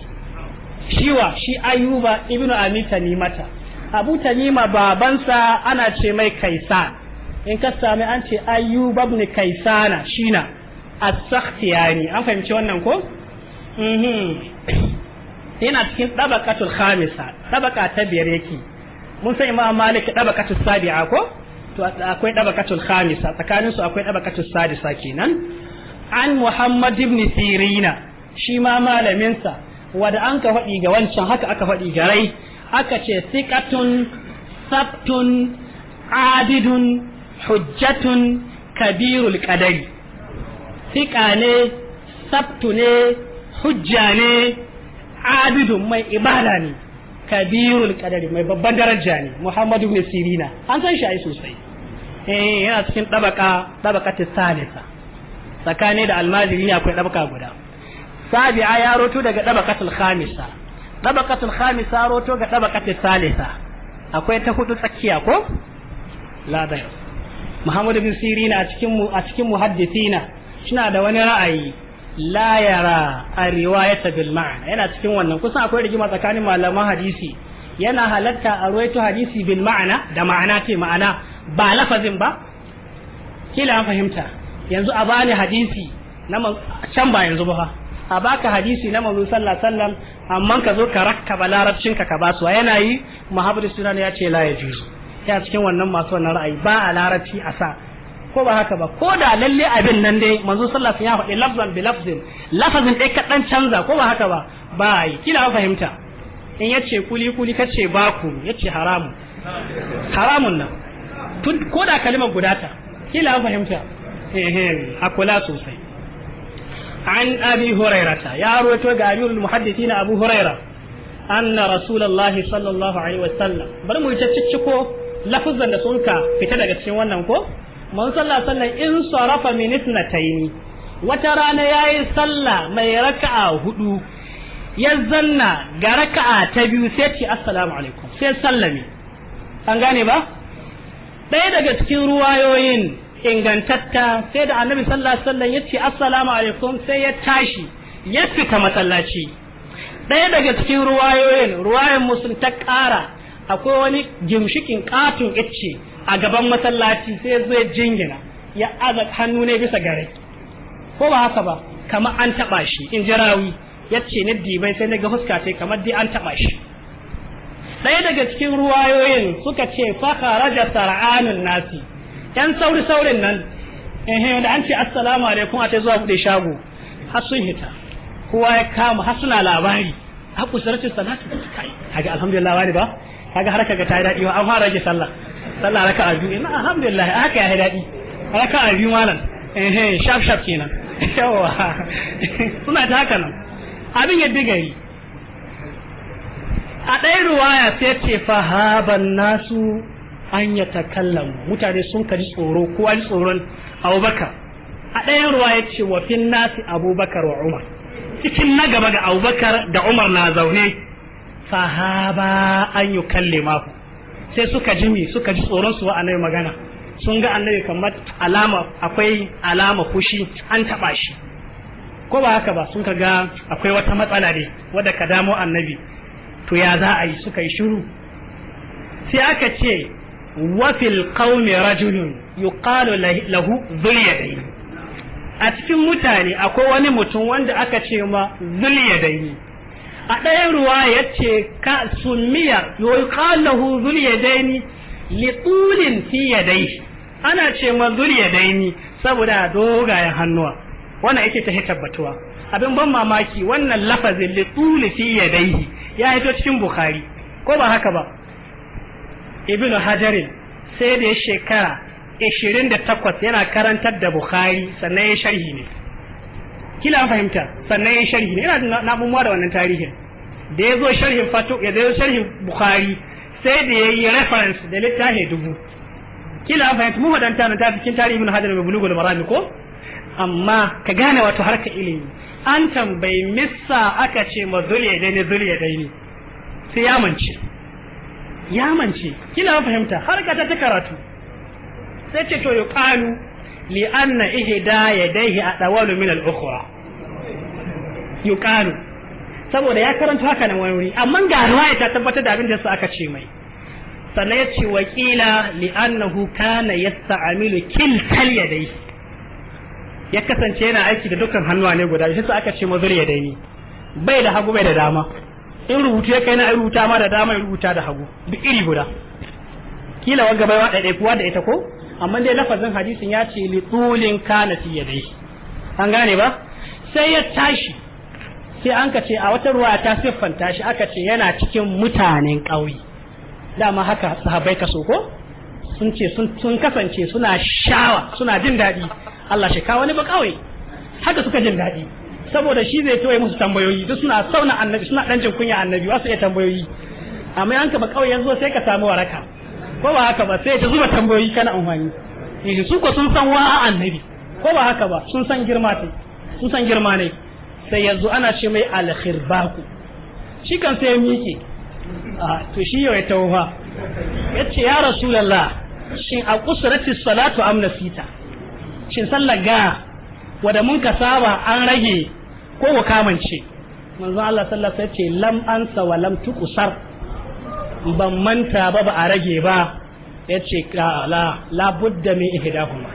shiwa shi ayuba ibnu amita mata. abu tanima babansa ana ce mai kaisa in ka sami an ce ayyuba ibn kaisana shina as-sakhtiyani an fahimci wannan ko mhm. yana cikin ɗabakatul khamisa ɗabaka ta biyar yake mun san imam malik sadi a ko to akwai dabaqatul khamisa tsakanin su akwai sa sadisa kenan an muhammad ibn sirina shi ma malaminsa. sa wanda an ka faɗi ga wancan haka aka faɗi ga rai aka ce siqatun sabtun adidun hujjatun kabirul kadari fiƙa ne sabtu ne hujja ne abidun mai ibada ne kabirul kadari mai babban daraja ne muhammadu ibn sirina an san shi sosai eh yana cikin dabaka dabaka ta salisa tsakani da almajiri akwai dabaka guda sabi'a ya roto daga dabakatul khamisa dabakatul khamisa roto ga dabakatul salisa akwai ta hudu tsakiya ko la da muhammad bin sirina a cikin a cikin muhaddithina suna da wani ra'ayi la yara riwayata bil ma'ana yana cikin wannan kusan akwai rigima tsakanin malaman hadisi yana halatta a ruwaito hadisi bil ma'ana da ma'ana ce ma'ana ba lafazin ba kila an fahimta yanzu a bani hadisi na can ba yanzu ba a baka hadisi na manzon sallallahu alaihi wasallam amma ka zo ka rakkaba larabcin ka ka basu yana yi muhammad sunan ya ce la yajuzu A cikin wannan masu wannan ra'ayi ba a larabci a sa ko ba haka ba ko da lalle abin nan dai manzo sallallahu alaihi wasallam ya faɗi lafzan bi lafzin lafzin dai kaɗan canza ko ba haka ba ba yi kila fahimta in yace kuli kuli kace ku yace ce haramun nan tun ko da kalimar guda ta kila fahimta ehem akula sosai an abi hurairata ya ruwato ga amirul muhaddithin abu huraira anna rasulullahi sallallahu alaihi wasallam bar mu ta cicciko lafuzan da sun ka fita daga cikin wannan ko man sallah sallan in sarafa min ithnatayn wata rana yayi sallah mai raka'a hudu ya zanna ga raka'a ta biyu sai ce assalamu alaikum sai sallami an gane ba ɗaya daga cikin ruwayoyin ingantatta sai da annabi sallallahu alaihi wasallam ya ce assalamu alaikum sai ya tashi ya fita masallaci ɗaya daga cikin ruwayoyin ruwayan musul ta ƙara akwai wani ginshikin katon ice a gaban masallaci sai zai jingina ya aza hannu ne bisa gare ko ba haka ba kamar an taba shi in jirawi ya ce na dibai sai na ga fuska ce kamar dai an taba shi ɗaya daga cikin ruwayoyin suka ce faka raja sar'anin nasi yan sauri saurin nan eh da an ce assalamu alaikum a ta zuwa bude shago har sun hita kowa ya kama har suna labari har kusurcin salatu kai kage alhamdulillah wani ba kaga har kaga ta daɗi an fara rage sallah sallah raka a biyu ina alhamdulillah haka ya daɗi raka a biyu malam eh sharp sharp kenan yawa suna ta haka nan abin ya diga yi a ɗaya ruwaya sai ce fa haban nasu an ya takallam mutane sun kaji tsoro ko an tsoron abubakar a ɗayan ruwaya ce wa fin nasi abubakar wa umar cikin na gaba ga abubakar da umar na zaune fahaba an yi kalle maku sai suka jimi suka ji tsoron su wa annabi magana sun ga annabi kamar alama akwai alama kushi an taba shi ko ba haka ba sun ka ga akwai wata matsala ne wadda ka damo annabi to ya za a yi suka yi shiru sai aka ce wafil qaumi rajulun yuqalu lahu dhulyadayn a cikin mutane akwai wani mutum wanda aka ce ma dhulyadayn a ɗayan ruwa ya ce ka summiya yoyi kallahu zul ya daini tulin fi yadai ana ce ma zul daini saboda dogayen hannuwa wannan yake ta tabbatuwa abin ban mamaki wannan lafazin li fi ya yadaihi ya hito cikin bukhari ko ba haka ba ibnu hajarin sai da ya shekara 28 yana karantar da bukhari sannan ya sharhi ne kila an fahimta sannan ya sharhi ne ina na mummuwa da wannan tarihin da ya zo sharhin fatu ya zo sharhin bukhari sai da ya yi reference da littafi dubu kila an fahimta mu wadanta na ta cikin tarihi ibn hajar mai bulugul marami ko amma ka gane wato harka ilimi an tambayi missa aka ce ma zuliya dai ne zuliya dai ne sai ya mance ya mance kila an fahimta harka ta ta karatu sai ce to yuqalu لأن إحدى يديه أطول من الأخرى يقال saboda ya karanta haka nan wani amma ga riwaya ta tabbatar da abin da su aka ce mai sannan ya ce wakila li'annahu kana yasta'amilu kiltal yadai ya kasance yana aiki da dukkan hannuwa ne guda shi aka ce mazur yadai ne bai da hagu bai da dama in rubutu ya kai na rubuta ma da dama ya rubuta da hagu duk iri guda kila wanga bai wa da ita ko amma dai lafazin hadisin ya ce li tulin kana fi yadai an gane ba sai ya tashi sai an ka ce a wata ruwa ta siffanta shi aka ce yana cikin mutanen ƙauye dama haka sahabbai kaso ko sun ce sun kasance suna shawa suna jin daɗi Allah shi kawo wani ba ƙauye haka suka jin daɗi saboda shi zai toye musu tambayoyi duk suna sauna annabi suna ɗan jin kunya annabi wasu iya tambayoyi amma an ka ba ƙauye yanzu sai ka samu waraka ko ba haka ba sai ta zuba tambayoyi kana amfani eh su ko sun san wa'a annabi ko ba haka ba sun san girma ta sun san girma ne sai yanzu ana ce mai alkhirbaku shi kan sai miki a ah, to shi yau ya tawfa yace ya rasulullah shin a kusurati salatu am nasita shin sallar ga wanda mun ka saba an rage ko ku kamance manzo Allah sallallahu alaihi wasallam lam ansa wa lam tuqsar ban manta ba ba a rage ba ya ce la la budda min kuma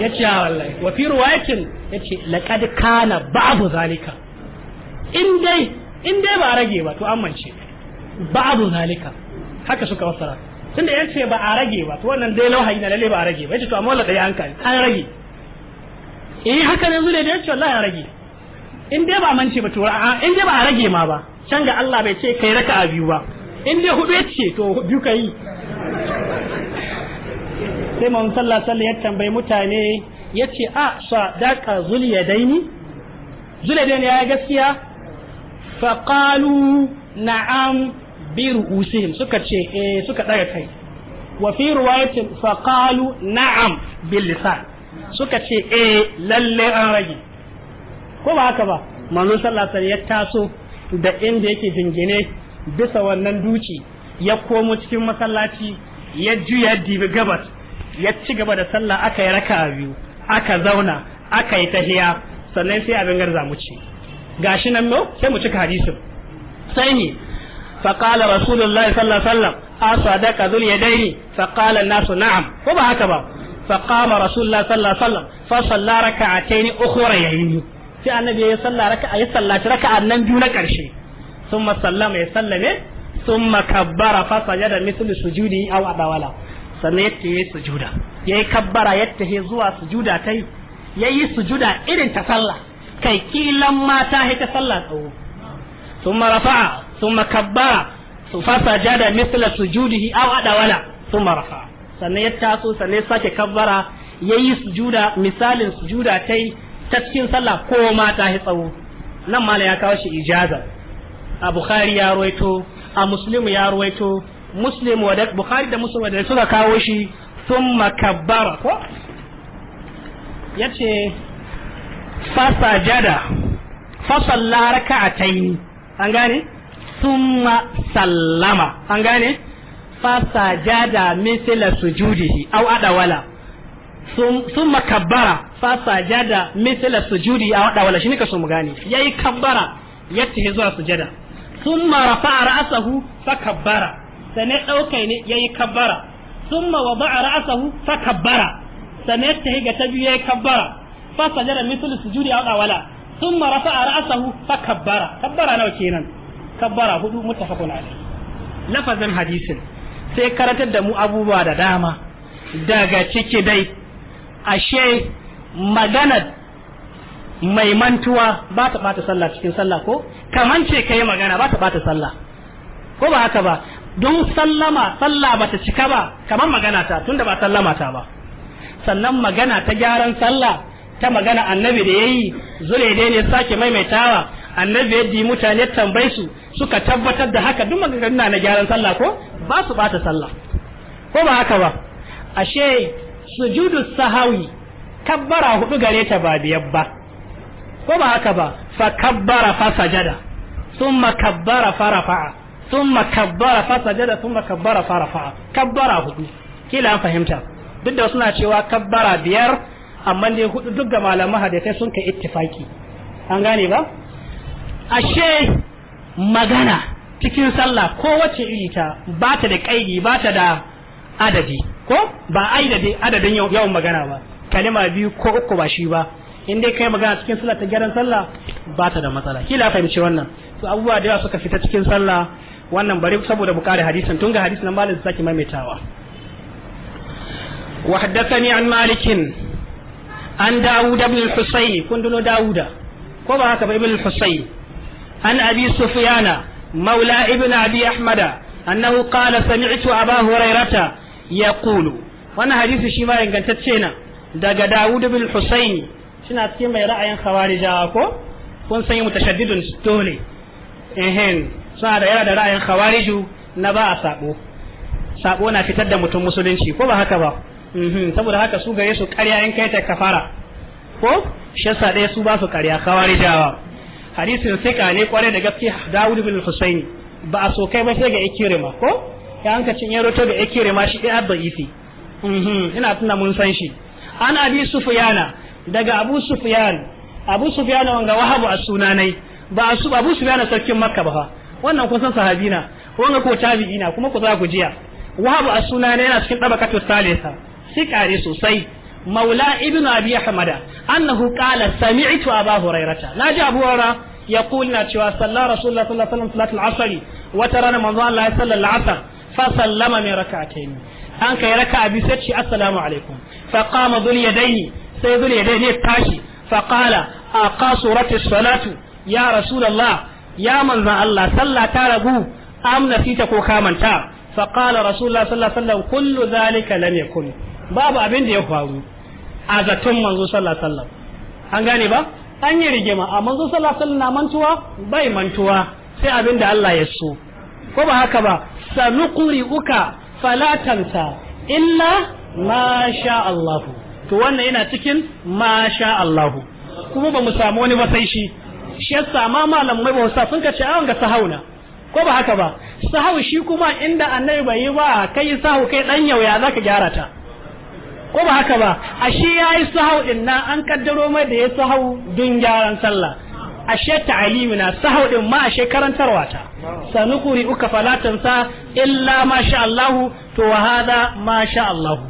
ya ce ah, wallahi wa fi riwayatin ya ce laqad kana babu zalika in dai in dai ba a rage ba to amince babu zalika haka suka fassara tunda ya ce ba a rage ba to wannan dai lauhayi na lalle ba a rage ba ya ce to amma wallahi an kai an rage eh haka ne zure da ya ce wallahi an rage in dai ba mance ba to in dai ba a rage ma ba can ga Allah bai ce kai raka'a biyu ba in dai hudu ce to biyu ka yi sai mu sallah sallah ya tambayi mutane yace a sa daka zuliyadaini zuliyadaini ya gaskiya Faƙalu na'am bi ru'usihim suka ce eh suka daga kai wa fi riwayatin na'am bil lisan suka ce eh lalle an rage ko ba haka ba manzon sallah sallah ya taso da inda yake zingine. bisa wannan duki ya komo cikin masallaci ya juya dibi gabas ya ci gaba da sallah aka yi raka biyu aka zauna aka yi tahiya sannan sai abin garza mu ci gashi nan no sai mu cika hadisi sai ni fa qala rasulullahi sallallahu alaihi wasallam asadaka dhul yadaini fa qala an-nasu na'am ko ba haka ba fa qama rasulullahi sallallahu alaihi wasallam fa a raka'atayn ukhra yayin sai annabi ya sallara raka'a ya sallaci raka'an nan biyu na karshe thumma sallama ya sallame thumma kabbara fa sajada mithlu sujudi aw adawala sannan yadda ya yayi sujuda yayi kabbara yadda he zuwa sujuda tai yayi sujuda irin ta sallah kai kilan mata he ta sallah tsawo Sun sun marafa makabbara rafa'a thumma kabbara fa sajada mithla sujudihi aw wala sun marafa. sannan ya taso sannan ya sake kabbara ya yayi sujuda misalin sujuda tai ta cikin sallah ko mata he tsawo nan mala ya kawo shi ijaza a bukhari ya ruwaito a muslim ya ruwaito muslim wadda bukhari da muslim wadda suka kawo shi sun makabbara ko ya ce fasa jada fasalla raka a taini an gane sun sallama an gane fasa jada misila sujudihi au adawala sun makabbara fasa jada misila sujudihi au adawala shi ne ka so mu gane ya yi kabbara yadda ya zuwa sujada thumma rafa'a ra'sahu fa kabbara Sane daukai ne ya yayi kabbara thumma wada'a ra'sahu fa kabbara Sane ta higa ta biyu ya yayi kabbara fa sajara mithlu sujudi aw awala thumma rafa'a ra'sahu fa kabbara kabbara nawa kenan kabbara hudu muttafaqun alayh lafazin hadisin sai karatar da mu abubuwa da dama daga ciki dai ashe maganar mai mantuwa ba ta bata sallah cikin sallah ko kaman ce ka yi magana ba ta bata sallah ko ba haka ba don sallama sallah ba ta cika ba kamar magana ta tun da ba sallama ta ba sannan magana ta gyaran sallah ta magana annabi da ya yi zure dai ne sake maimaitawa annabi yadda mutane tambayi su suka tabbatar da haka duk magana na gyaran sallah ko ba su bata sallah ko ba haka ba ashe sujudu sahawi kabbara hudu gare ta ba biyar ba ko ba haka ba fa kabbara fa sajada thumma kabbara fa rafa'a thumma kabbara fa sajada thumma kabbara fa rafa'a kabbara hudu kila an fahimta duk da suna cewa kabbara biyar amma dai hudu duk ga malaman hadisai sun kai ittifaki an gane ba ashe magana cikin sallah ko wace iri ta ba ta da kaidi ba ta da adadi ko ba adadin yawan magana ba kalima biyu ko uku ba shi ba in dai kai magana cikin sallah ta gyaran sallah ba ta da matsala kila fahimci wannan to abubuwa da yawa suka fita cikin sallah wannan bari saboda bukari hadisin tun ga hadisin nan malin saki maimaitawa wa haddathani an malikin an dawud ibn al-husayn kun duno dawuda ko ba haka ba ibn al-husayn an abi sufyana maula ibn abi ahmada annahu qala sami'tu aba hurairata yaqulu wannan hadisi shi ma ingantacce na daga dawud ibn al suna cikin mai ra'ayin khawarijawa ko kun san mutashaddidun dole ehen suna da yana da ra'ayin khawariju na ba a sabo sabo na fitar da mutum musulunci ko ba haka ba mhm, saboda haka su gare su karya in kai ta kafara ko shi yasa ɗaya su ba su ƙarya khawarijawa hadisin sika ne kwarai da gaske Dawud bin Husaini ba a so kai ba sai ga Ikrima ko ya hanka cin yaro to da Ikrima shi ɗaya da isi mhm, ina tuna mun san shi an abi sufyana daga abu sufyan abu sufyan wanga wahabu a sunanai ba a su abu sufyan sarkin makka ba wannan kun san na wanga ko tabi'ina kuma ku za ku jiya wahabu a sunanai yana cikin tabakatu salisa sikari sosai maula ibnu abi hamada annahu qala sami'tu aba hurairata naji abu hurairah yaqul na cewa sallallahu rasulullahi sallallahu alaihi wasallam salatul asr wa tarana manzo Allah sallallahu alaihi fa sallama min rak'atayn an kai raka bi sai assalamu alaikum fa qama ya daini. sai zul yadai ne tashi fa qala aqasurati salatu ya rasulullah ya manzon Allah sallah ta ragu amna sita ko kamanta fa qala rasulullah sallallahu alaihi wasallam kullu zalika lam yakun babu abin da ya faru a zaton manzo sallallahu alaihi wasallam an gane ba an yi rigima a manzo sallallahu alaihi wasallam na mantuwa bai mantuwa sai abin da Allah ya so ko ba haka ba sanuqri uka falatansa illa ma sha Allahu to wannan yana cikin masha Allahu kuma ba mu samu wani ba sai shi shi ya malamai ba sa sun ce an ah, ga sahauna ko ba haka ba sahau shi kuma inda annabi bai yi ba kai sahau kai dan yauya zaka gyara ta ko ba haka ba a shi yayi sahau din na an kaddaro mai da ya sahau dun gyaran sallah ashe ta'alimi na sahau din ma ashe karantarwa ta sanukuri uka falatan sa illa masha Allahu to wa hada masha Allahu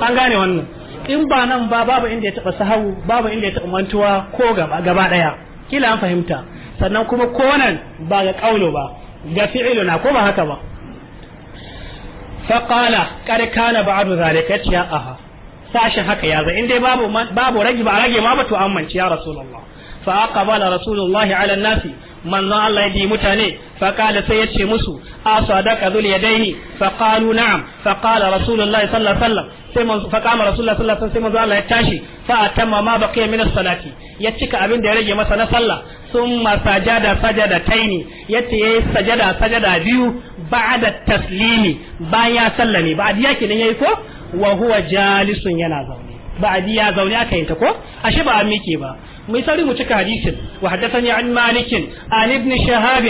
an gane wannan in ba nan ba babu inda ya taba sahawu babu inda ya taba mantuwa ko gaba daya kila an fahimta sannan kuma ko nan ba ga kaulo ba ga fi'ilu na ko ba haka ba fa qala kad kana ba'du zalika ya aha sashin haka ya ga inda babu babu rage ba rage ma ba to an manci ya rasulullah fa aqbala rasulullah ala nasi manzon Allah ya bi mutane fa qala sai yace musu a sadaka zul yadaini fa qalu na'am fa qala rasulullahi sallallahu alaihi wasallam sai manzo fa qama rasulullahi sallallahu alaihi wasallam sai manzo Allah ya tashi fa atamma ma baqiya min as-salati ya cika abin da ya rage masa na sallah summa sajada sajada taini yace yayi sajada sajada biyu ba'da taslimi bayan ya sallame ba'di yake nan yayi ko wa huwa jalisun yana zaune ba'di ya zaune aka yin ta ko ashe ba miki ba mai sauri mu cika hadisin wa haddathani an malik an ibn shahab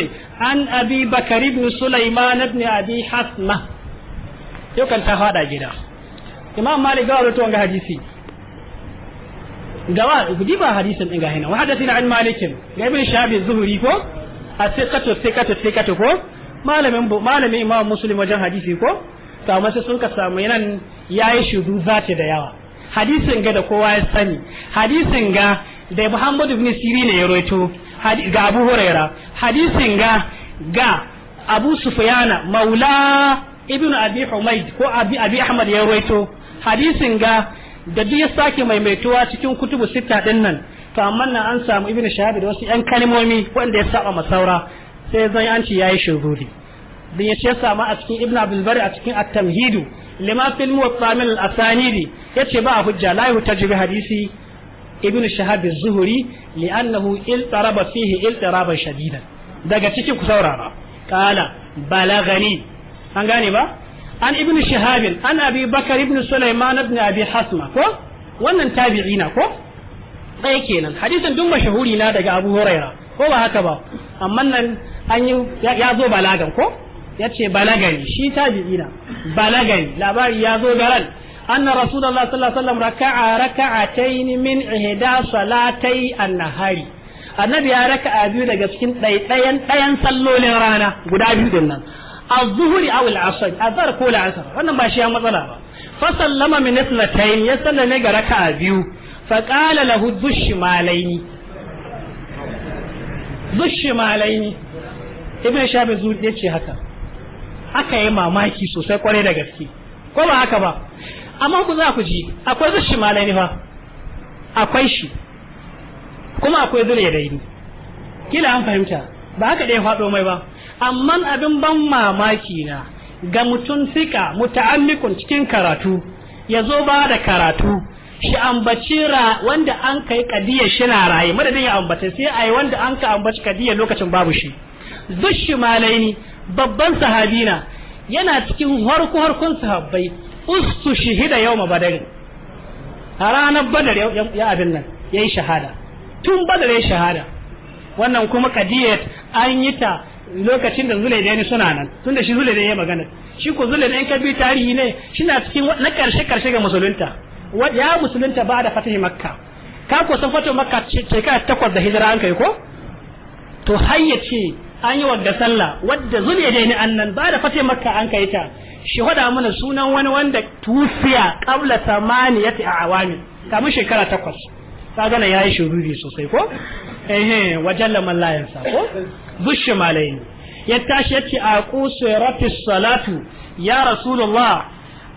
an abi bakar ibn sulaiman ibn abi hasma yau kan ta fada gida imam malik ga wato wanga hadisi gawa gudi ba hadisin din ga hina wa haddathani an malik ga ibn shahab zuhri ko as-siqatu as ko malamin malamin imam muslim wajen hadisi ko to amma sai sun ka samu yanan yayi shudu zati da yawa hadisin ga da kowa ya sani hadisin ga da Muhammad ibn Sirin ya rawaito ga Abu Huraira hadisin ga ga Abu Sufyana maula ibn Abi Humayd ko Abi Abi Ahmad ya rawaito hadisin ga da duk ya sake maimaituwa cikin kutubu sita din nan to amma nan an samu ibn Shahab da wasu yan kalmomi wanda ya saba masaura sai zan an ci yayi shurudi bin ya ce sama a cikin ibn Abdul Bari a cikin at-tamhidu lima fil muwatta min al-asanidi yace ba hujja la yuhtajib hadisi ibn shahab az-zuhri li'annahu iltaraba fihi iltiraban shadidan daga cikin ku saurara qala balagani an gane ba an ibn shahab an abi bakar ibn sulaiman ibn abi hasma ko wannan tabi'ina ko ɗaya kenan hadisin duk mashahuri na daga abu huraira ko ba haka ba amma nan an yi ya zo balagan ko ya ce balagani shi tabi'ina balagani labari ya zo garan أن رسول الله صلى الله عليه وسلم ركع ركعتين من إحدى صلاتي النهار annabi ya raka a biyu daga cikin ɗayan ɗayan sallolin rana guda biyu din nan az-zuhri aw ko al wannan ba shi ya matsala ba fa sallama min ithnatayn ya sallame ga raka'a biyu fa qala lahu dhushmalaini dhushmalaini ibn shabi zuri yace haka aka yi mamaki sosai kwarai da gaske ko ba haka ba amma ku za ku ji akwai zushi malai fa akwai shi kuma akwai zule daini kila an fahimta ba haka da ya faɗo mai ba amma abin ban mamaki na ga mutum sika muta'ammikun cikin karatu ya zo ba da karatu shi ambaci ra wanda an kai kadiya shi na raye madadin ya ambace sai a yi wanda an ka ambaci kadiya lokacin babu shi zushi malaini babban sahabina yana cikin harko harkon sahabbai ustu shahida ma badari a ranar badar ya abin nan ya yi shahada tun badar ya shahada wannan kuma kadiyat an yi ta lokacin da zule zulaidaini suna nan tun da shi zule da ya magana shi ko da 'yan kabi tarihi ne shi na cikin na karshe karshe ga musulunta ya musulunta ba da fatahi makka ka ko san fatahi makka shekara takwas da hijira an kai ko to hayyace an yi wadda sallah wadda ni annan ba da fatahi makka an kai ta shi hada mana sunan wani wanda tusiya qabla a awami kamu shekara takwas ka gana ya yi shiruri sosai ko ehe wajen lamar layan ko bushe malayi ya tashi yace a rafi salatu ya rasulullah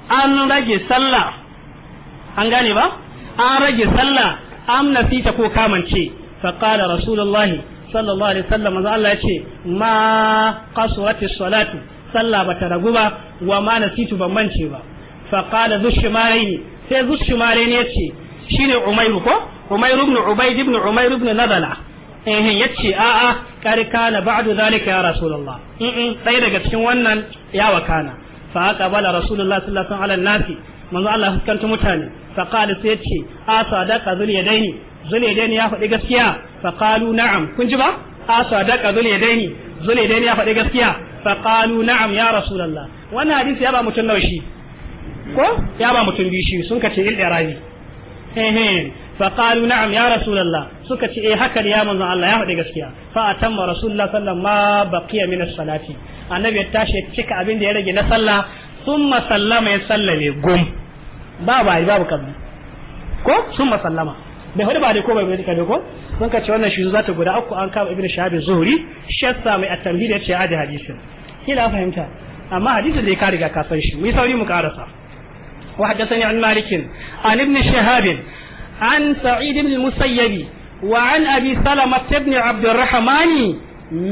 an rage sallah an gane ba an rage sallah am nasita ko kamance fa qala rasulullah sallallahu alaihi wasallam Allah ya ce ma qasurati salatu sallah ba ta ragu ba wa ma nasitu ban mance ba fa qala zushmaraini sai zushmaraini yace shine umairu ko umairu ibn ubayd ibn umairu ibn nadala eh yace a a kar kana ba'du zalika ya rasulullah in sai daga cikin wannan ya wakana fa aqbala rasulullah sallallahu alaihi wasallam ala nasi manzo Allah huskanta mutane fa qala sai ce a sadaka zul yadaini zul yadaini ya faɗi gaskiya fa qalu na'am kun ji ba a sadaka zul yadaini zul yadaini ya faɗi gaskiya faqalu na'am ya rasulullah wannan hadisi ya ba mutum nawa shi ko ya ba mutum biyu sun kace il irabi eh eh faqalu na'am ya rasulullah suka ce eh haka ya manzon Allah ya faɗi gaskiya fa atamma rasulullah sallallahu ma baqiya min as-salati annabi ya tashi ya cika abin da ya rage na sallah thumma sallama ya sallame gum ba ba babu kabli ko thumma sallama bai hudu ba da komai bai kaje ko mun ka ce wannan shi za ta guda uku an kama ibnu shahab zuhri shi yasa mai at-tamhid ya ce adi hadisin kila fahimta amma hadisin da ya riga ka san shi mu sauri mu karasa wa haddathani an malik an ibn shahab an sa'id ibn al-musayyib wa an abi salama ibn abd al-rahman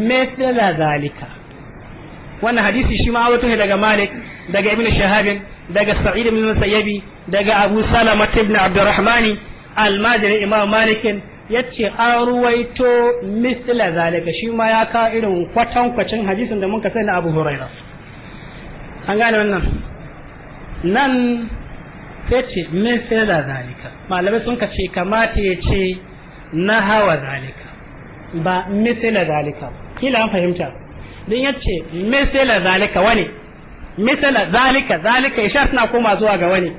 mithla zalika wannan hadisi shi ma wato daga malik daga ibn shahab daga sa'id ibn al-musayyib daga abu salama ibn abd al-rahman almajirin imam malikin ya ce an ruwaito misla zalika shi ma ya kawo irin kwatankwacin hadisin da muka na abu huraira an gane wannan nan ya ce misla zalika malamai sun ka ce kamata ya ce na hawa zalika ba misla zalika kila an fahimta ya ce misla zalika wani misla zalika zalika ishar na koma zuwa ga wani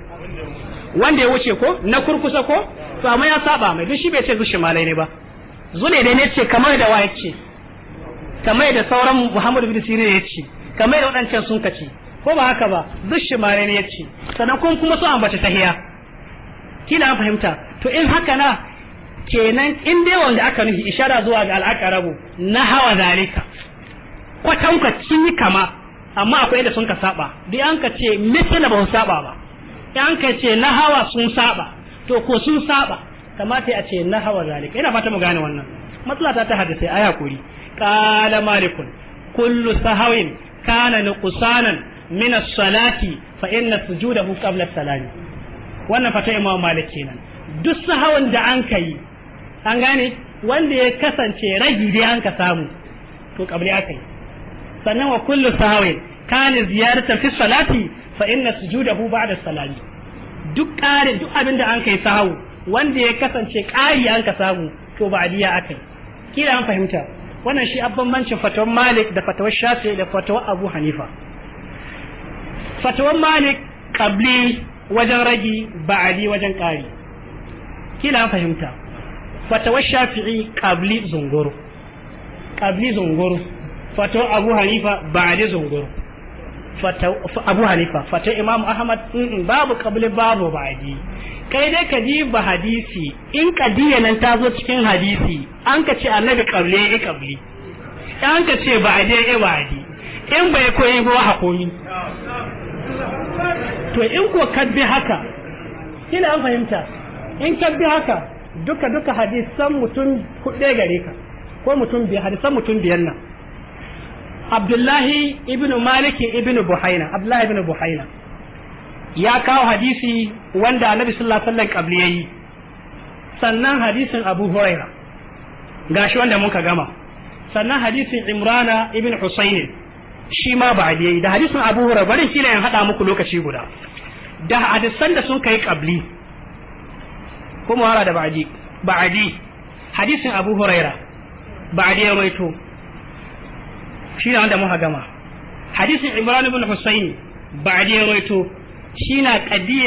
wanda ya wuce ko na kurkusa ko to amma ya saba mai duk shi bai ce zushi malai ne ba zune dai ne ce kamar da waye ce kamar da sauran Muhammadu bin Sirin ya ce kamar da wadancan sun kace ko ba haka ba zushi malai ne ya ce sannan kun kuma so ambata tahiya kina fahimta to in haka na kenan in dai wanda aka nufi ishara zuwa ga al'aqrabu na hawa zalika kwatanka cin kama amma akwai yadda sun ka saba duk an ka ce misali ba su saba ba yan ka ce na hawa sun saba to ko sun saba kamata a ce na hawa zalika ina fata mu gane wannan matsala ta ta haddace aya kuri qala malikun kullu sahawin kana nuqsanan min as-salati fa inna sujudahu qabla as-salami wannan fata imam malik kenan duk sahawin da an kai an gane wanda ya kasance ragi dai an ka samu to kabli aka yi sannan wa kullu sahawin kana ziyaratan fi salati fa inna sujudahu ba'da salami duk ƙarin duk abin da an kai sahu wanda ya kasance ƙari an ka samu to ba adiya akai kila an fahimta wannan shi abban mancin fatawar malik da fatawar shafi da fatawar abu hanifa fatawar malik kabli wajen ragi ba'adi wajen ƙari kila an fahimta fatawar shafi'i kabli zunguru kabli zunguru fatawar abu hanifa ba'adi zunguru abu hanifa fata imam ahmad babu kabli babu ba'adi kai dai ka ba hadisi in kadiya nan ta zo cikin hadisi an ka ce annabi kabli ya kabli an ka ce ba'adi ya ba'adi in bai koyi ko hakuri to in ko kabbi haka kina an fahimta in kabbi haka duka duka hadisan mutum kuɗe gare ka ko mutum biyar hadisan mutum biyan nan abdullahi ibn Maliki ibn buhaina abdullahi ibn buhaina ya kawo hadisi wanda annabi sallallahu alaihi wasallam kabli sannan hadisin abu huraira gashi wanda muka gama sannan hadisin imrana ibn husayn shi ma ba yayi da hadisin abu huraira bari kila in hada muku lokaci guda da hadisan da sun kai kabli kuma hara da ba'adi ba'adi hadisin abu huraira ba'adi ya maito shi na wanda muka gama hadisin imran ibn husayn ba ya rawaito shi na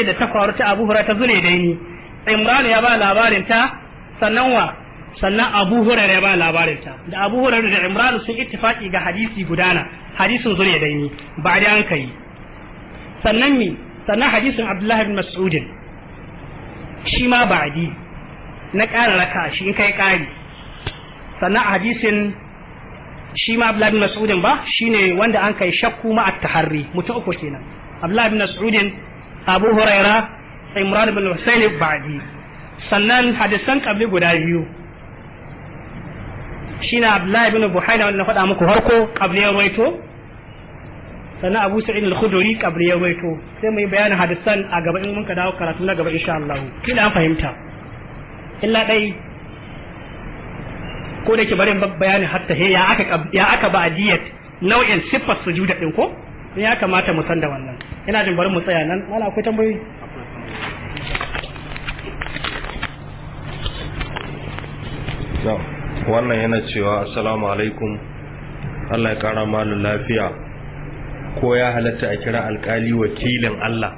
da ta faru ta abu hurairah ta zune da ni imran ya ba labarin ta sannan wa sannan abu hurairah ya ba labarin ta da abu hurairah da imran sun ittifaki ga hadisi gudana hadisin zune da ni ba da an kai sannan mi sannan hadisin abdullahi ibn mas'ud shi ma ba'di na ƙara raka shi in kai ƙari sannan hadisin shi ma Abdullahi bin Mas'udin ba shine wanda an kai shakku ma at-taharri mutum uku kenan Abdullahi bin Mas'udin Abu Huraira Imran bin Husayn ba'di sannan hadisan kabli guda biyu shine Abdullahi bin Buhaina wanda na faɗa muku harko kabli ya ruwaito sannan Abu Sa'id al-Khudri kabli ya ruwaito sai mu yi bayanin hadisan a gaba in mun ka dawo karatu na gaba insha Allah kila fahimta illa dai ko da ke bari bayanin hatta he ya aka ya aka ba adiyat nau'in sifar sujuda din ko ya kamata mu san da wannan ina jin bari mu tsaya nan mala akwai tambayoyi wannan yana cewa assalamu alaikum Allah ya kara malu lafiya ko ya halatta a kira alkali wakilin Allah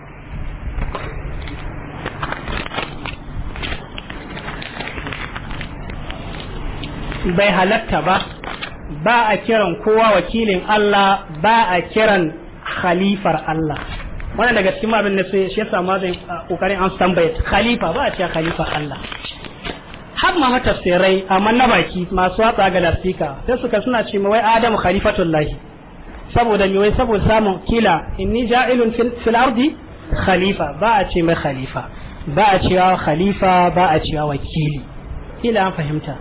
bai halatta ba ba a kiran kowa wakilin Allah ba a kiran khalifar Allah wannan daga cikin abin da sai shi yasa ma zai kokarin an san bai khalifa ba a cewa khalifar Allah har ma matafsirai amma na baki masu watsa ga lafika sai suka suna ce wai Adam khalifatullahi saboda me wai saboda samun kila inni ja'ilun fil ardi khalifa ba a ce mai khalifa ba a cewa khalifa ba a cewa wakili kila an fahimta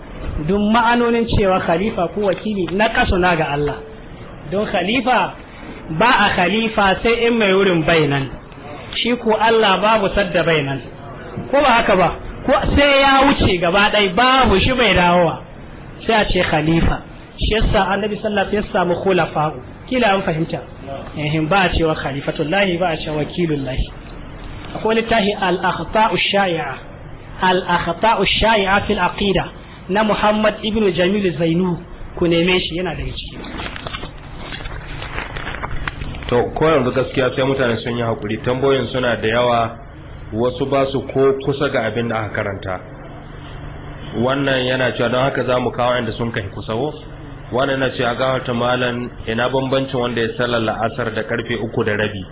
duk ma'anonin cewa khalifa ko wakili na kaso na ga Allah don khalifa ba a khalifa sai in mai wurin bainan shi ko Allah babu sadda bainan ko ba haka ba ko sai ya wuce gaba ɗaya babu shi bai dawowa sai a ce khalifa shi yasa annabi sallallahu alaihi wasallam ya samu khulafa'u kila an fahimta eh ba a cewa khalifatullahi ba a cewa wakilullahi akwai littafi al-akhta'u shai'a al-akhta'u shai'a fil aqida na Muhammad ibn Jamil Zainu ku neme shi yana daga ciki to ko yanzu gaskiya sai mutane sun yi hakuri tambayoyin suna da yawa wasu ba su ko kusa ga abin da aka karanta wannan yana cewa don haka za mu kawo yadda sun kai kusa ko wannan yana cewa gawar ta malam ina bambancin wanda ya sallar la'asar da karfe uku da rabi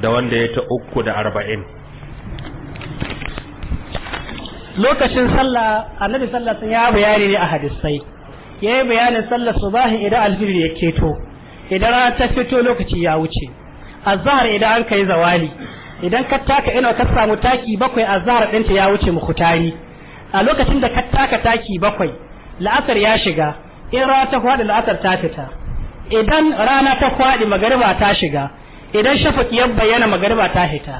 da wanda ya ta uku da arba'in lokacin sallah annabi sallah sun ya bayani ne a hadisai ya yi bayanin sallah subahi idan alfijir ya keto idan rana ta fito lokaci ya wuce azhar idan an kai zawali idan ka taka ina ka samu taki bakwai azhar ɗinta ya wuce mukutari a lokacin da ka taka taki bakwai la'asar ya shiga in rana ta kwadi la'asar ta fita idan rana ta kwaɗi magariba ta shiga idan shafaq ya bayyana magariba ta hita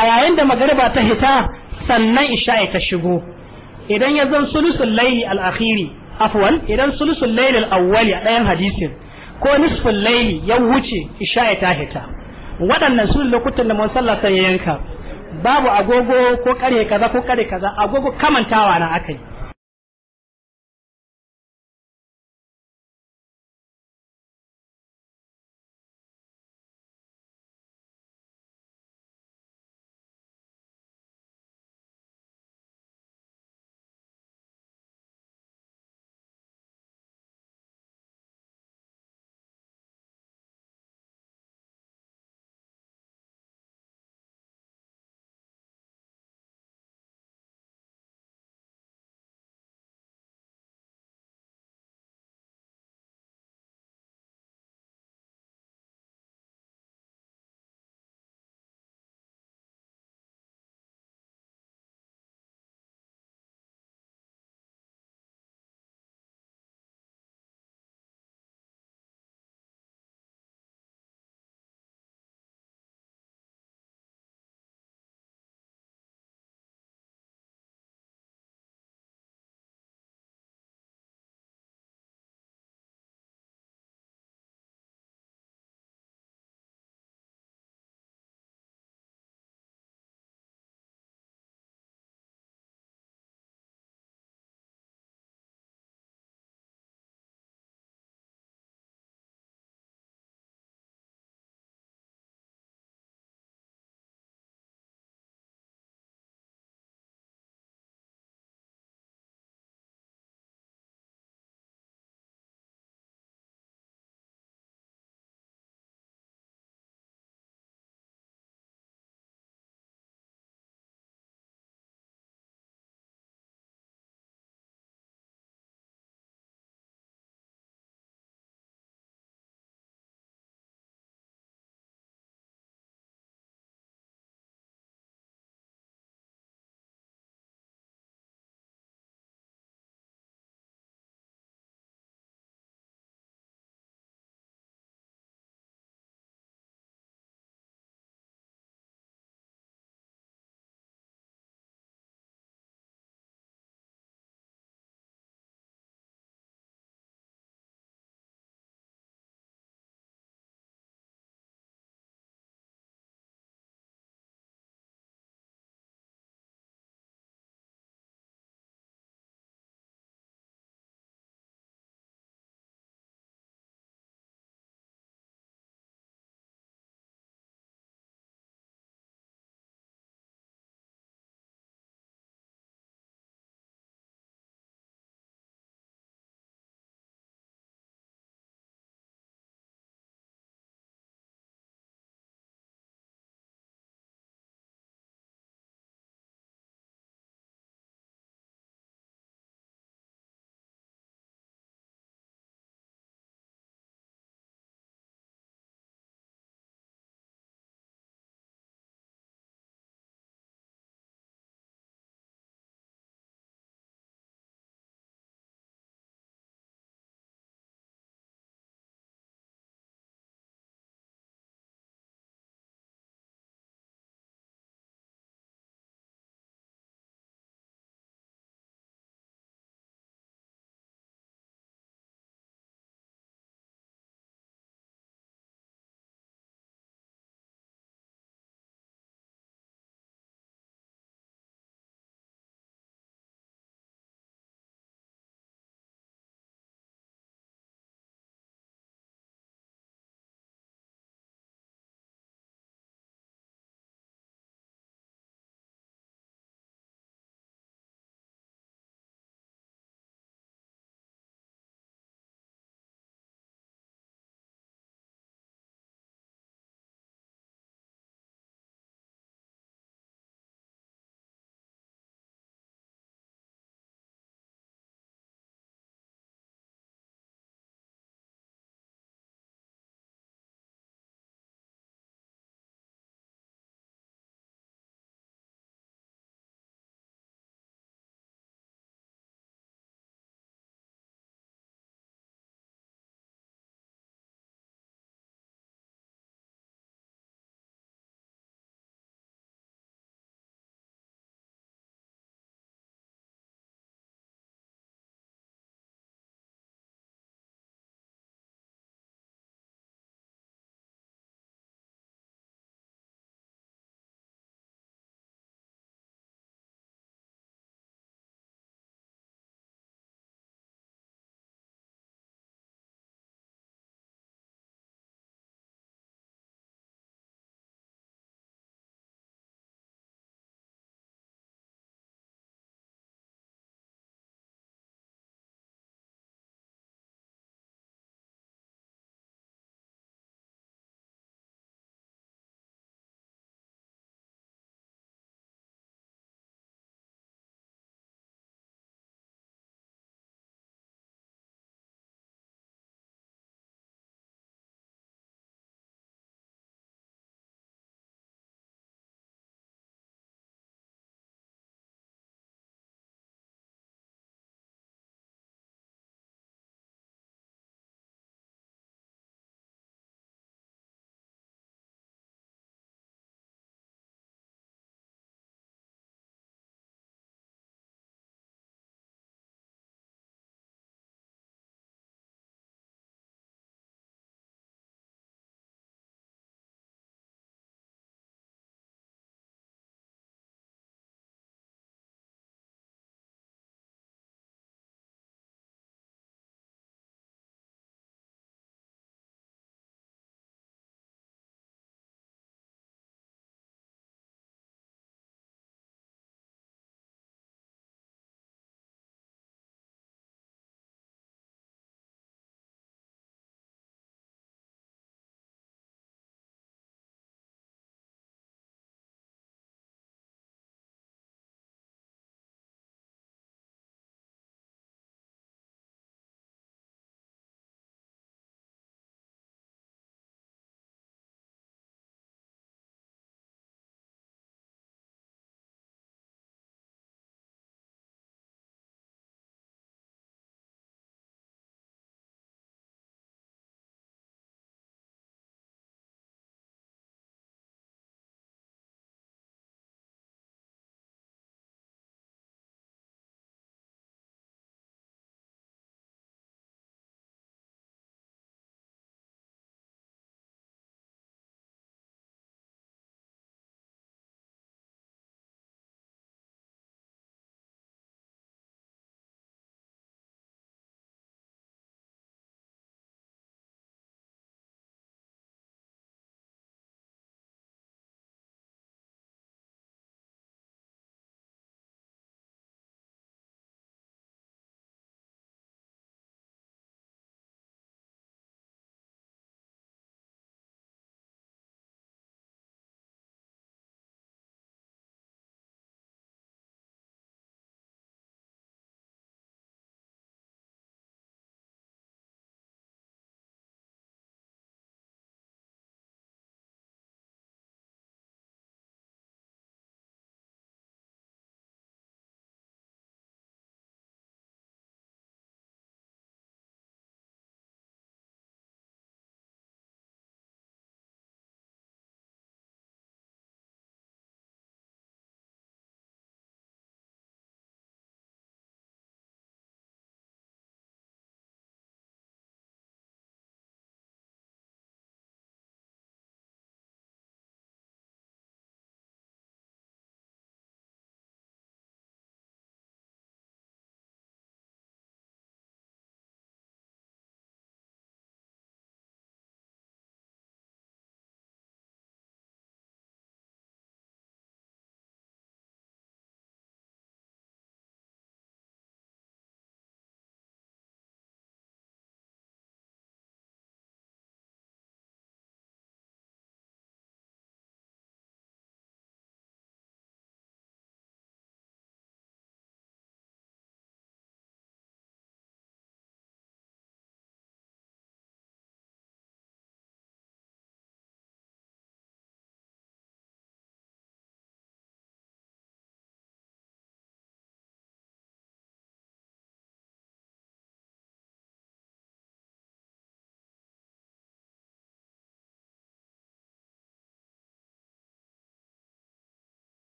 a yayin da magariba ta hita sannan isha'i ta shigo idan ya zan sulusul laili al-akhiri afwan idan sulusul laili al-awwali a ɗayan hadisin ko nisful laili ya wuce isha'i ta hita waɗannan sun lokutan da musalla sai yanka babu agogo ko kare kaza ko kare kaza agogo kamantawa na aka yi.